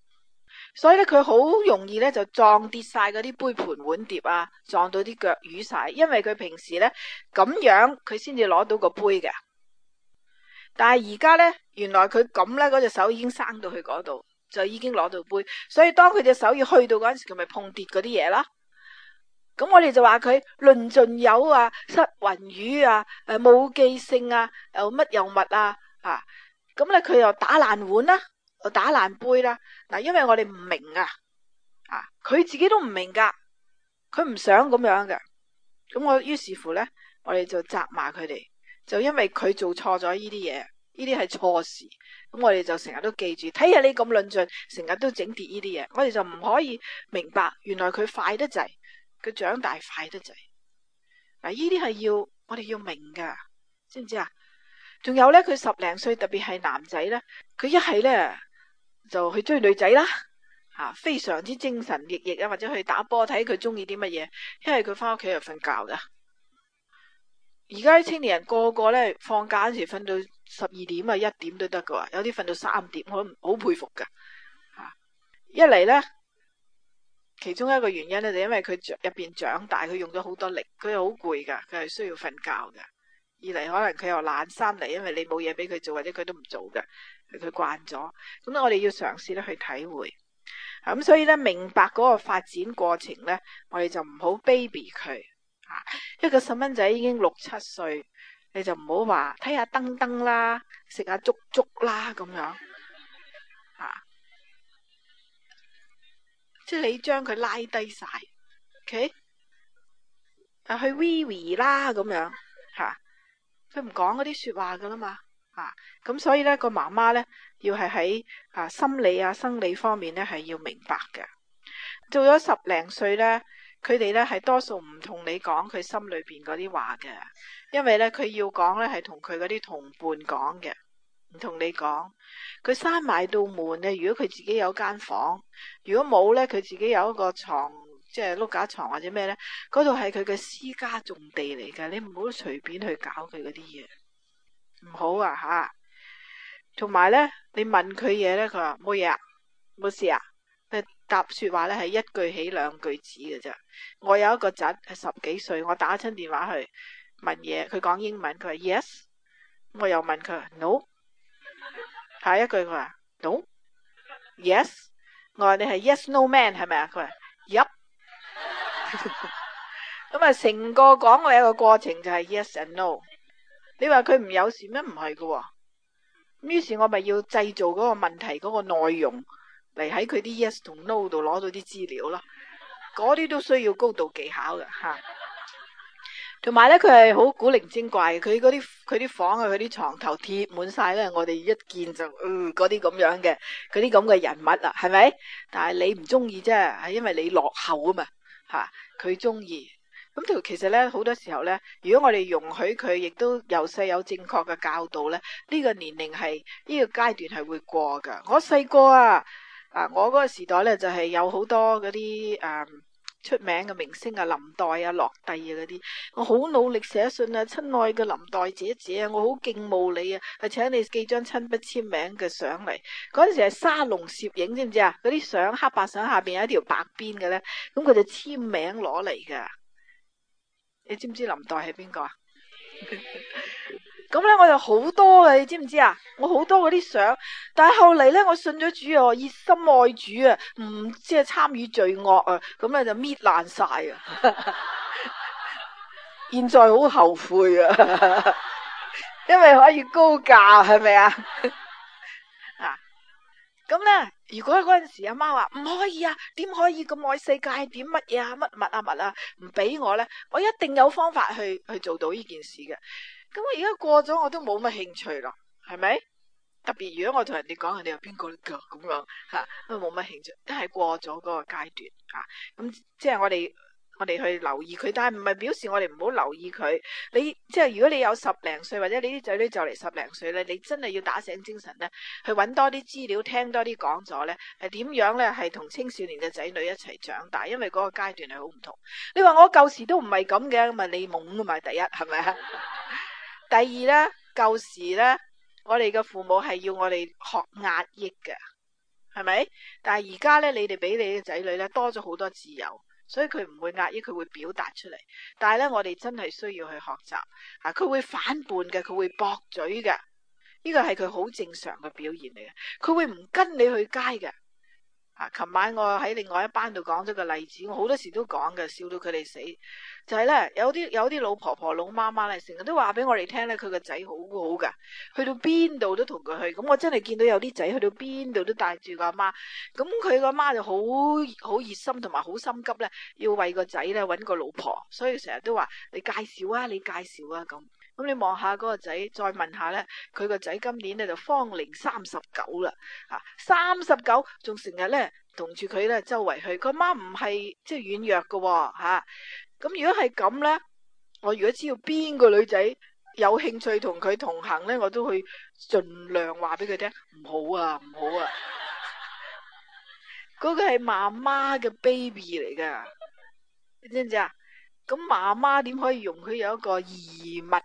所以咧佢好容易咧就撞跌晒嗰啲杯盤碗碟啊，撞到啲腳瘀晒。因為佢平時呢，咁樣，佢先至攞到個杯嘅。但係而家呢，原來佢咁呢嗰隻手已經生到去嗰度。就已經攞到杯，所以當佢隻手要去到嗰陣時，佢咪碰跌嗰啲嘢咯。咁我哋就話佢論盡有啊，失魂魚啊，誒冇記性啊，又乜又物啊，吓，咁咧佢又打爛碗啦、啊，又打爛杯啦、啊。嗱、啊，因為我哋唔明啊，啊，佢自己都唔明噶，佢唔想咁樣嘅。咁我於是乎咧，我哋就責罵佢哋，就因為佢做錯咗呢啲嘢。呢啲係錯事，咁我哋就成日都記住，睇下你咁論盡，成日都整跌呢啲嘢，我哋就唔可以明白，原來佢快得滯，佢長大快得滯。嗱，呢啲係要我哋要明噶，知唔知啊？仲有咧，佢十零歲，特別係男仔咧，佢一係咧就去追女仔啦，吓非常之精神奕奕啊，或者去打波，睇佢中意啲乜嘢，因為佢翻屋企就瞓覺噶。而家啲青年人個個咧放假嗰時瞓到十二點啊一點都得嘅，有啲瞓到三點，我好佩服噶。一嚟咧，其中一個原因咧就因為佢入邊長大，佢用咗好多力，佢好攰噶，佢係需要瞓覺嘅。二嚟可能佢又懶，三嚟，因為你冇嘢俾佢做，或者佢都唔做嘅，佢慣咗。咁我哋要嘗試咧去體會，咁所以咧明白嗰個發展過程咧，我哋就唔好 baby 佢。一個細蚊仔已經六七歲，你就唔好話睇下燈燈啦，食下粥粥啦咁樣，啊 okay? 啊 e e、樣，啊，即係你將佢拉低晒，ok，啊去 wee wee 啦咁樣，吓，佢唔講嗰啲說話噶啦嘛，啊，咁所以呢個媽媽呢，要係喺啊心理啊生理方面呢，係要明白嘅，做咗十零歲呢。佢哋呢係多數唔同你講佢心裏邊嗰啲話嘅，因為呢，佢要講呢係同佢嗰啲同伴講嘅，唔同你講。佢閂埋道門呢，如果佢自己有間房，如果冇呢，佢自己有一個床，即係碌架床或者咩呢，嗰度係佢嘅私家重地嚟㗎，你唔好隨便去搞佢嗰啲嘢，唔好啊吓。同埋呢，你問佢嘢呢，佢話冇嘢啊，冇事啊。答說話咧係一句起兩句止嘅啫。我有一個侄係十幾歲，我打親電話去問嘢，佢講英文，佢話 yes，我又問佢 no，下一句佢話 no，yes，我話你係 yes no man 係咪啊？佢話 Yep，咁啊成個講嘅一個過程就係 yes and no。你話佢唔有事咩？唔係噶，咁於是我咪要製造嗰個問題嗰個內容。嚟喺佢啲 yes 同 no 度攞到啲資料咯，嗰啲都需要高度技巧嘅嚇。同埋咧，佢係好古靈精怪，佢啲佢啲房啊，佢啲床頭貼滿晒，咧，我哋一見就嗯嗰啲咁樣嘅嗰啲咁嘅人物啊，係咪？但係你唔中意啫，係因為你落後嘛啊嘛嚇。佢中意咁，同其實咧好多時候咧，如果我哋容許佢，亦都由細有正確嘅教導咧，呢、這個年齡係呢個階段係會過嘅。我細個啊～啊！我嗰個時代呢，就係、是、有好多嗰啲誒出名嘅明星啊，林黛啊、樂蒂啊嗰啲，我好努力寫信啊，親愛嘅林黛姐姐啊，我好敬慕你啊，係請你寄張親筆簽名嘅相嚟。嗰陣時係沙龍攝影，知唔知啊？嗰啲相黑白相下邊有一條白邊嘅呢，咁佢就簽名攞嚟嘅。你知唔知林黛係邊個啊？ [laughs] 咁咧，我就好多嘅，你知唔知啊？我好多嗰啲相，但係後嚟咧，我信咗主啊，熱心愛主啊，唔知係參與罪惡啊，咁咧就搣爛晒啊！ [laughs] [laughs] 現在好後悔啊， [laughs] 因為可以高價係咪啊？啊，咁咧，如果嗰陣時阿媽話唔可以啊，點可以咁愛世界點乜嘢啊？乜乜啊物啊，唔俾、啊、我咧，我一定有方法去去做到呢件事嘅。咁我而家過咗，我都冇乜興趣咯，係咪？特別如果我同人哋講，人哋話邊個嚟噶咁樣吓，我冇乜興趣，都係過咗嗰個階段啊。咁即係我哋我哋去留意佢，但係唔係表示我哋唔好留意佢。你即係如果你有十零歲或者你啲仔女就嚟十零歲咧，你真係要打醒精神咧，去搵多啲資料，聽多啲講座咧，係點樣咧？係同青少年嘅仔女一齊長大，因為嗰個階段係好唔同。你話我舊時都唔係咁嘅，咪你懵咪第一，係咪啊？ [laughs] 第二呢，舊時呢，我哋嘅父母係要我哋學壓抑嘅，係咪？但係而家呢，你哋俾你嘅仔女呢，多咗好多自由，所以佢唔會壓抑，佢會表達出嚟。但係呢，我哋真係需要去學習啊！佢會反叛嘅，佢會駁嘴嘅，呢個係佢好正常嘅表現嚟嘅。佢會唔跟你去街嘅。啊！琴晚我喺另外一班度講咗個例子，我好多時都講嘅，笑到佢哋死。就係咧，有啲有啲老婆婆老媽媽咧，成日都話俾我哋聽咧，佢個仔好好噶，去到邊度都同佢去。咁我真係見到有啲仔去到邊度都帶住個阿媽，咁佢個媽就好好熱心，同埋好心急咧，要為個仔咧搵個老婆，所以成日都話你介紹啊，你介紹啊咁。咁你望下嗰個仔，再問下咧，佢個仔今年咧就芳齡三十九啦，吓，三十九，仲成日咧同住佢咧周圍去。佢媽唔係即係軟弱噶吓、哦、咁、啊、如果係咁咧，我如果知道邊個女仔有興趣同佢同行咧，我都會盡量話俾佢聽，唔好啊，唔好啊。嗰、嗰個係媽媽嘅 baby 嚟噶，你知唔知啊？咁媽媽點可以用佢有一個異物？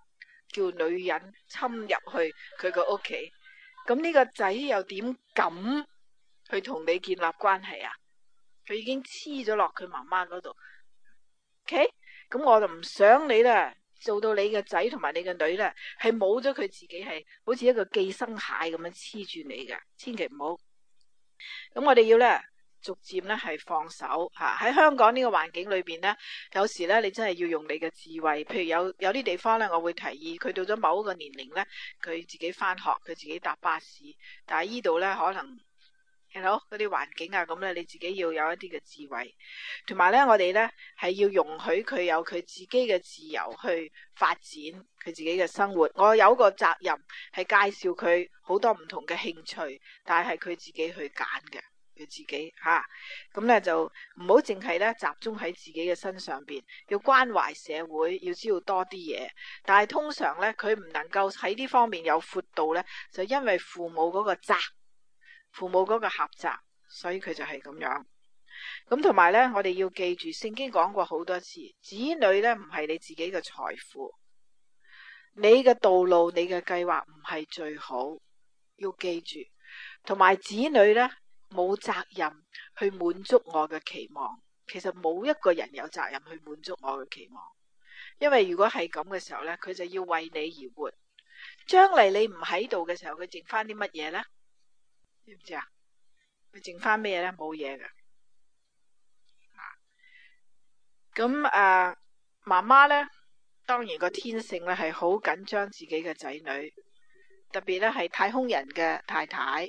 叫女人侵入去佢個屋企，咁呢個仔又點敢去同你建立關係啊？佢已經黐咗落佢媽媽嗰度，OK？咁我就唔想你啦，做到你嘅仔同埋你嘅女啦，係冇咗佢自己係好似一個寄生蟹咁樣黐住你㗎，千祈唔好。咁我哋要咧。逐漸咧係放手嚇，喺香港呢個環境裏邊呢，有時呢，你真係要用你嘅智慧。譬如有有啲地方呢，我會提議佢到咗某一個年齡呢，佢自己返學，佢自己搭巴士。但係依度呢，可能你好嗰啲環境啊，咁呢，你自己要有一啲嘅智慧。同埋呢，我哋呢係要容許佢有佢自己嘅自由去發展佢自己嘅生活。我有個責任係介紹佢好多唔同嘅興趣，但係佢自己去揀嘅。佢自己吓，咁、啊、咧就唔好淨係咧集中喺自己嘅身上邊，要關懷社會，要知道多啲嘢。但係通常咧，佢唔能夠喺呢方面有闊度咧，就因為父母嗰個窄，父母嗰個狹窄，所以佢就係咁樣。咁同埋咧，我哋要記住，聖經講過好多次，子女咧唔係你自己嘅財富，你嘅道路、你嘅計劃唔係最好，要記住。同埋子女咧。冇責任去滿足我嘅期望，其實冇一個人有責任去滿足我嘅期望，因為如果係咁嘅時候呢，佢就要為你而活。將嚟你唔喺度嘅時候，佢剩翻啲乜嘢呢？知唔知啊？佢剩翻咩呢？冇嘢嘅。咁誒、呃，媽媽咧，當然個天性咧係好緊張自己嘅仔女，特別咧係太空人嘅太太，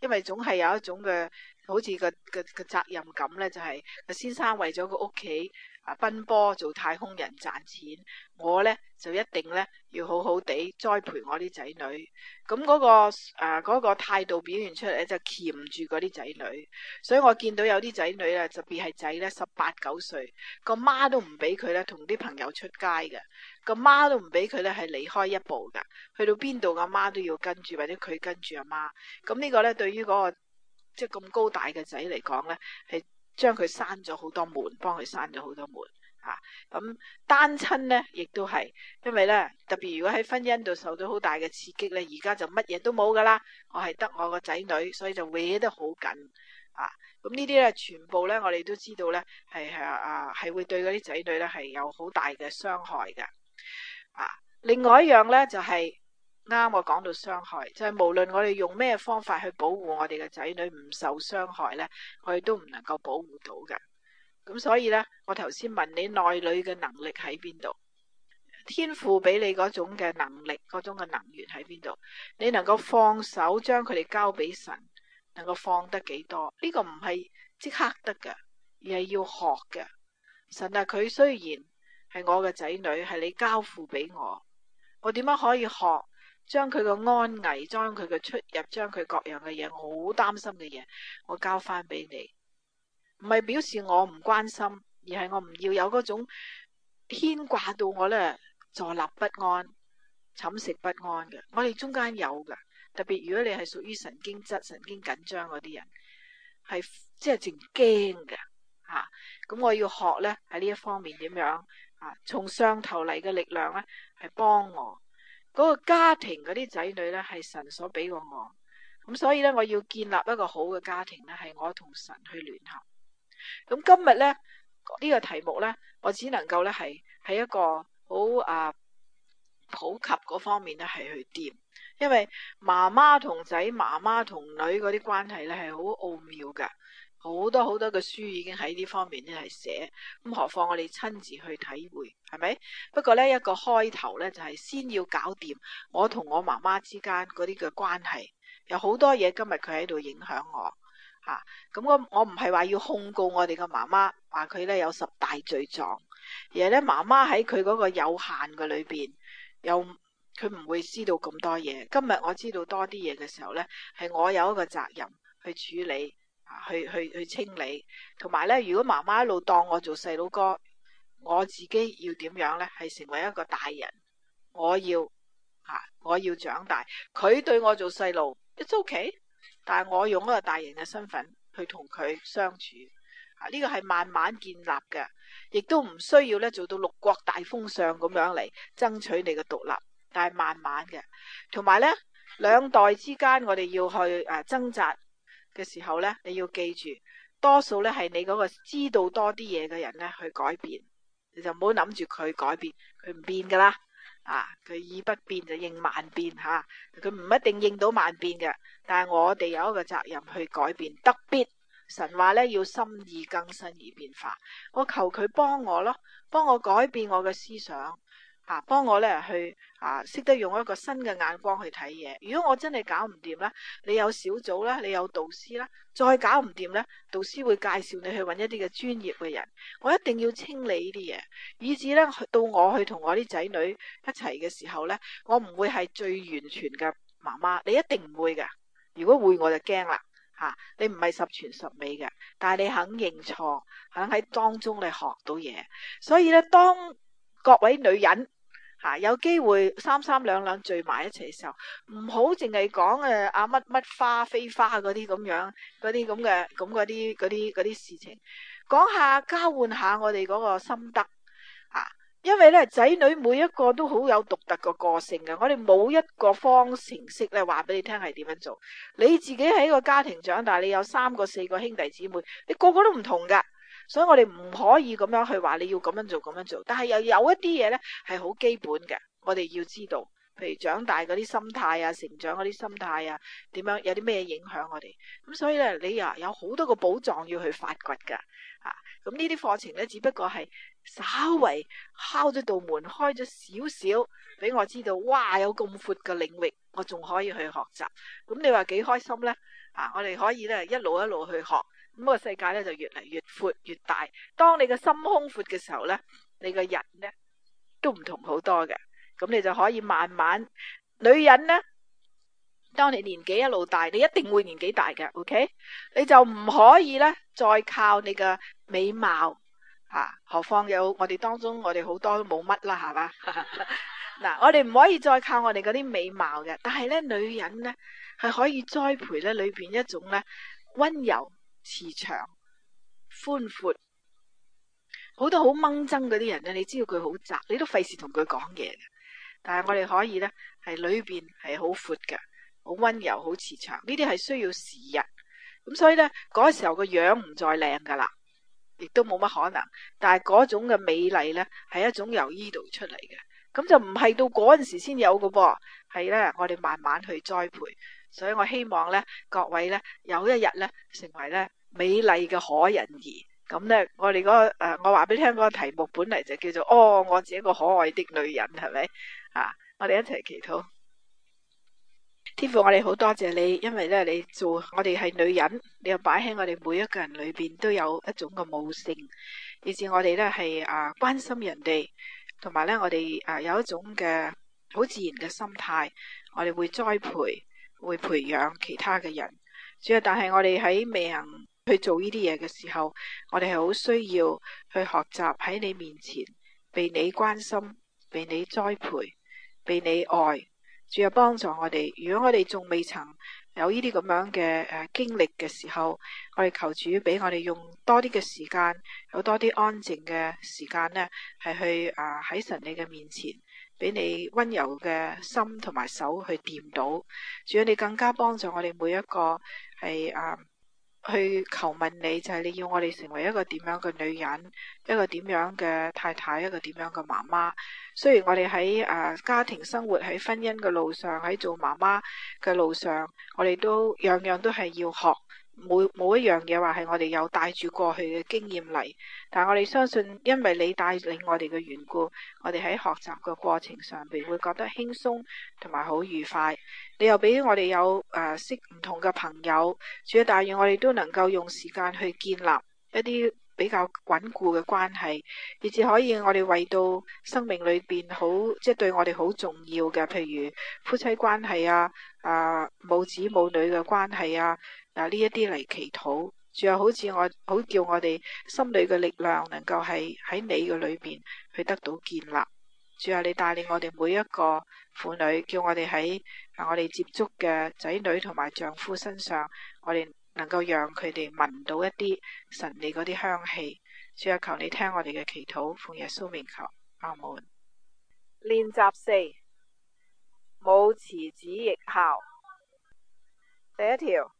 因為總係有一種嘅，好似個個個責任感咧、就是，就係個先生為咗個屋企，奔波做太空人賺錢，我呢就一定呢要好好地栽培我啲仔女。咁、嗯、嗰、嗰個誒嗰、呃嗰個、態度表現出嚟就鉗住嗰啲仔女。所以我見到有啲仔女咧，特別係仔呢，十八九歲，個媽，媽都唔俾佢咧同啲朋友出街嘅，個媽，媽都唔俾佢咧係離開一步嘅。去到邊度阿媽都要跟住，或者佢跟住阿媽，媽。咁、嗯、呢、呢個呢，對於嗰、嗰個即係咁高大嘅仔嚟講呢。係。將佢閂咗好多門，幫佢閂咗好多門啊！咁單親呢，亦都係，因為呢，特別如果喺婚姻度受到好大嘅刺激呢，而家就乜嘢都冇噶啦，我係得我個仔女，所以就惹得好緊啊！咁呢啲呢，全部呢，我哋都知道呢，係係啊係會對嗰啲仔女呢係有好大嘅傷害噶啊！另外一樣呢，就係、是。啱我講到傷害，就係無論我哋用咩方法去保護我哋嘅仔女唔受傷害呢，我哋都唔能夠保護到嘅。咁所以呢，我頭先問你內裏嘅能力喺邊度，天父俾你嗰種嘅能力，嗰種嘅能源喺邊度？你能夠放手將佢哋交俾神，能夠放得幾多？呢個唔係即刻得嘅，而係要學嘅。神啊，佢雖然係我嘅仔女，係你交付俾我，我點樣可以學？將佢個安危、將佢嘅出入、將佢各樣嘅嘢，好擔心嘅嘢，我交翻俾你，唔係表示我唔關心，而係我唔要有嗰種牽掛到我咧坐立不安、寢食不安嘅。我哋中間有噶，特別如果你係屬於神經質、神經緊張嗰啲人，係即係淨驚嘅吓。咁、就是啊、我要學咧喺呢一方面點樣啊？從上頭嚟嘅力量咧係幫我。嗰個家庭嗰啲仔女咧係神所俾過我，咁所以咧我要建立一個好嘅家庭咧係我同神去聯合。咁今日咧呢個題目咧，我只能夠咧係喺一個好啊普及嗰方面咧係去掂，因為媽媽同仔、媽媽同女嗰啲關係咧係好奧妙噶。好多好多嘅書已經喺呢方面咧係寫，咁何況我哋親自去體會，係咪？不過呢，一個開頭呢就係先要搞掂我同我媽媽之間嗰啲嘅關係，有好多嘢今日佢喺度影響我，吓、啊、咁我我唔係話要控告我哋嘅媽媽，話佢呢有十大罪狀，而係呢，媽媽喺佢嗰個有限嘅裏邊，又佢唔會知道咁多嘢。今日我知道多啲嘢嘅時候呢，係我有一個責任去處理。去去去清理，同埋咧，如果媽媽一路當我做細佬哥，我自己要點樣咧？係成為一個大人，我要吓、啊，我要長大。佢對我做細路一收旗，okay，但係我用一個大人嘅身份去同佢相處。呢、啊這個係慢慢建立嘅，亦都唔需要咧做到六國大封相咁樣嚟爭取你嘅獨立，但係慢慢嘅。同埋咧，兩代之間我哋要去誒掙、啊、扎。嘅時候咧，你要記住，多數咧係你嗰個知道多啲嘢嘅人咧去改變，你就唔好諗住佢改變，佢唔變噶啦，啊，佢以不變就應萬變吓，佢，啊，唔一定應到萬變嘅，但係我哋有一個責任去改變，特別神話咧要心意更新而變化，我求佢幫我咯，幫我改變我嘅思想。啊，幫我咧去啊，識得用一個新嘅眼光去睇嘢。如果我真係搞唔掂啦，你有小組啦，你有導師啦，再搞唔掂咧，導師會介紹你去揾一啲嘅專業嘅人。我一定要清理呢啲嘢，以至咧到我去同我啲仔女一齊嘅時候咧，我唔會係最完全嘅媽媽。你一定唔會㗎，如果會我就驚啦嚇。你唔係十全十美嘅，但係你肯認錯，肯喺當中你學到嘢。所以咧，當各位女人，吓、啊，有機會三三兩兩聚埋一齊嘅時候，唔好淨係講誒啊乜乜花非花嗰啲咁樣，嗰啲咁嘅咁嗰啲嗰啲嗰啲事情，講下交換下我哋嗰個心得嚇、啊，因為咧仔女每一個都好有獨特個個性嘅，我哋冇一個方程式咧話俾你聽係點樣做，你自己喺個家庭長大，你有三個四個兄弟姊妹，你個個都唔同噶。所以我哋唔可以咁樣去話你要咁樣做咁樣做，但係又有一啲嘢咧係好基本嘅，我哋要知道，譬如長大嗰啲心態啊，成長嗰啲心態啊，點樣有啲咩影響我哋。咁所以咧，你啊有好多個寶藏要去發掘噶，啊，咁呢啲課程咧只不過係稍微敲咗道門，開咗少少，俾我知道，哇，有咁闊嘅領域，我仲可以去學習，咁你話幾開心咧？啊，我哋可以咧一路一路去學。咁個世界咧就越嚟越闊越大。當你個心胸闊嘅時候咧，你個人咧都唔同好多嘅。咁你就可以慢慢女人呢，當你年紀一路大，你一定會年紀大嘅。OK，你就唔可以咧再靠你嘅美貌吓，啊，何況有我哋當中我哋好多都冇乜啦，係嘛嗱？我哋唔可以再靠我哋嗰啲美貌嘅，但係咧女人咧係可以栽培咧裏邊一種咧温柔。慈祥、寬闊，好多好掹憎嗰啲人咧，你知道佢好窄，你都費事同佢講嘢。但係我哋可以呢，係裏邊係好闊嘅，好溫柔、好慈祥。呢啲係需要時日，咁所以呢，嗰時候個樣唔再靚噶啦，亦都冇乜可能。但係嗰種嘅美麗呢，係一種由依度出嚟嘅，咁就唔係到嗰陣時先有嘅噃，係呢，我哋慢慢去栽培。所以我希望呢，各位呢，有一日呢，成為呢。美麗嘅可人兒，咁呢，我哋嗰、誒，我話俾你聽，嗰個題目本嚟，就叫做哦，我這個一個可愛的女人，係咪啊？我哋一齊祈禱。天父，我哋好多謝你，因為呢，你做我哋係女人，你又擺喺我哋每一個人裏邊都有一種嘅母性，以至我哋呢係啊、呃、關心人哋，同埋呢，我哋啊有一種嘅好自然嘅心態，我哋會栽培、會培養其他嘅人。主要但係我哋喺命，去做呢啲嘢嘅時候，我哋係好需要去學習喺你面前被你關心、被你栽培、被你愛，主要幫助我哋。如果我哋仲未曾有呢啲咁樣嘅誒、啊、經歷嘅時候，我哋求主俾我哋用多啲嘅時間，有多啲安靜嘅時間呢，係去誒喺、啊、神你嘅面前，俾你溫柔嘅心同埋手去掂到，主要你更加幫助我哋每一個係誒。啊去求問你，就係你要我哋成為一個點樣嘅女人，一個點樣嘅太太，一個點樣嘅媽媽。雖然我哋喺誒家庭生活、喺婚姻嘅路上、喺做媽媽嘅路上，我哋都樣樣都係要學。冇冇，一樣嘢話係我哋有帶住過去嘅經驗嚟，但我哋相信，因為你帶領我哋嘅緣故，我哋喺學習嘅過程上邊會覺得輕鬆同埋好愉快。你又俾我哋有誒、呃、識唔同嘅朋友，主要大願我哋都能夠用時間去建立一啲比較穩固嘅關係，以至可以我哋為到生命裏邊好即係對我哋好重要嘅，譬如夫妻關係啊，啊、呃、母子母女嘅關係啊。嗱，呢一啲嚟祈禱，仲有好似我好叫我哋心裏嘅力量能夠係喺你嘅裏邊去得到建立，仲有你帶領我哋每一個婦女，叫我哋喺、啊、我哋接觸嘅仔女同埋丈夫身上，我哋能夠讓佢哋聞到一啲神你嗰啲香氣。仲有求你聽我哋嘅祈禱，奉耶穌名求，阿門。練習四，母慈子亦孝，第一條。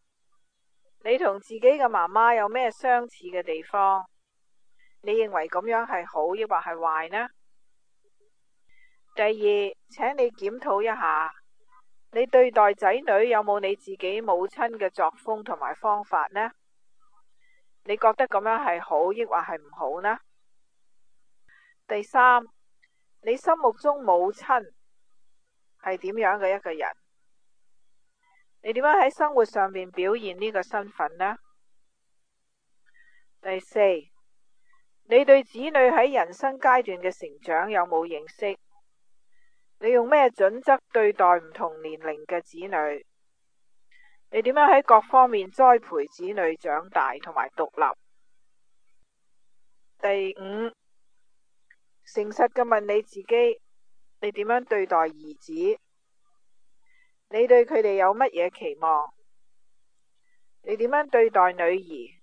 你同自己嘅媽媽有咩相似嘅地方？你認為咁樣係好，抑或係壞呢？第二，請你檢討一下，你對待仔女有冇你自己母親嘅作風同埋方法呢？你覺得咁樣係好，抑或係唔好呢？第三，你心目中母親係點樣嘅一個人？你點樣喺生活上面表現呢個身份呢？第四，你對子女喺人生階段嘅成長有冇認識？你用咩準則對待唔同年齡嘅子女？你點樣喺各方面栽培子女長大同埋獨立？第五，誠實噉問你自己，你點樣對待兒子？你對佢哋有乜嘢期望？你點樣對待女兒？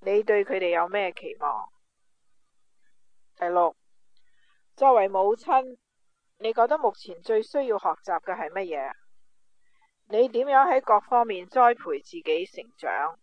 你對佢哋有咩期望？第六，作為母親，你覺得目前最需要學習嘅係乜嘢？你點樣喺各方面栽培自己成長？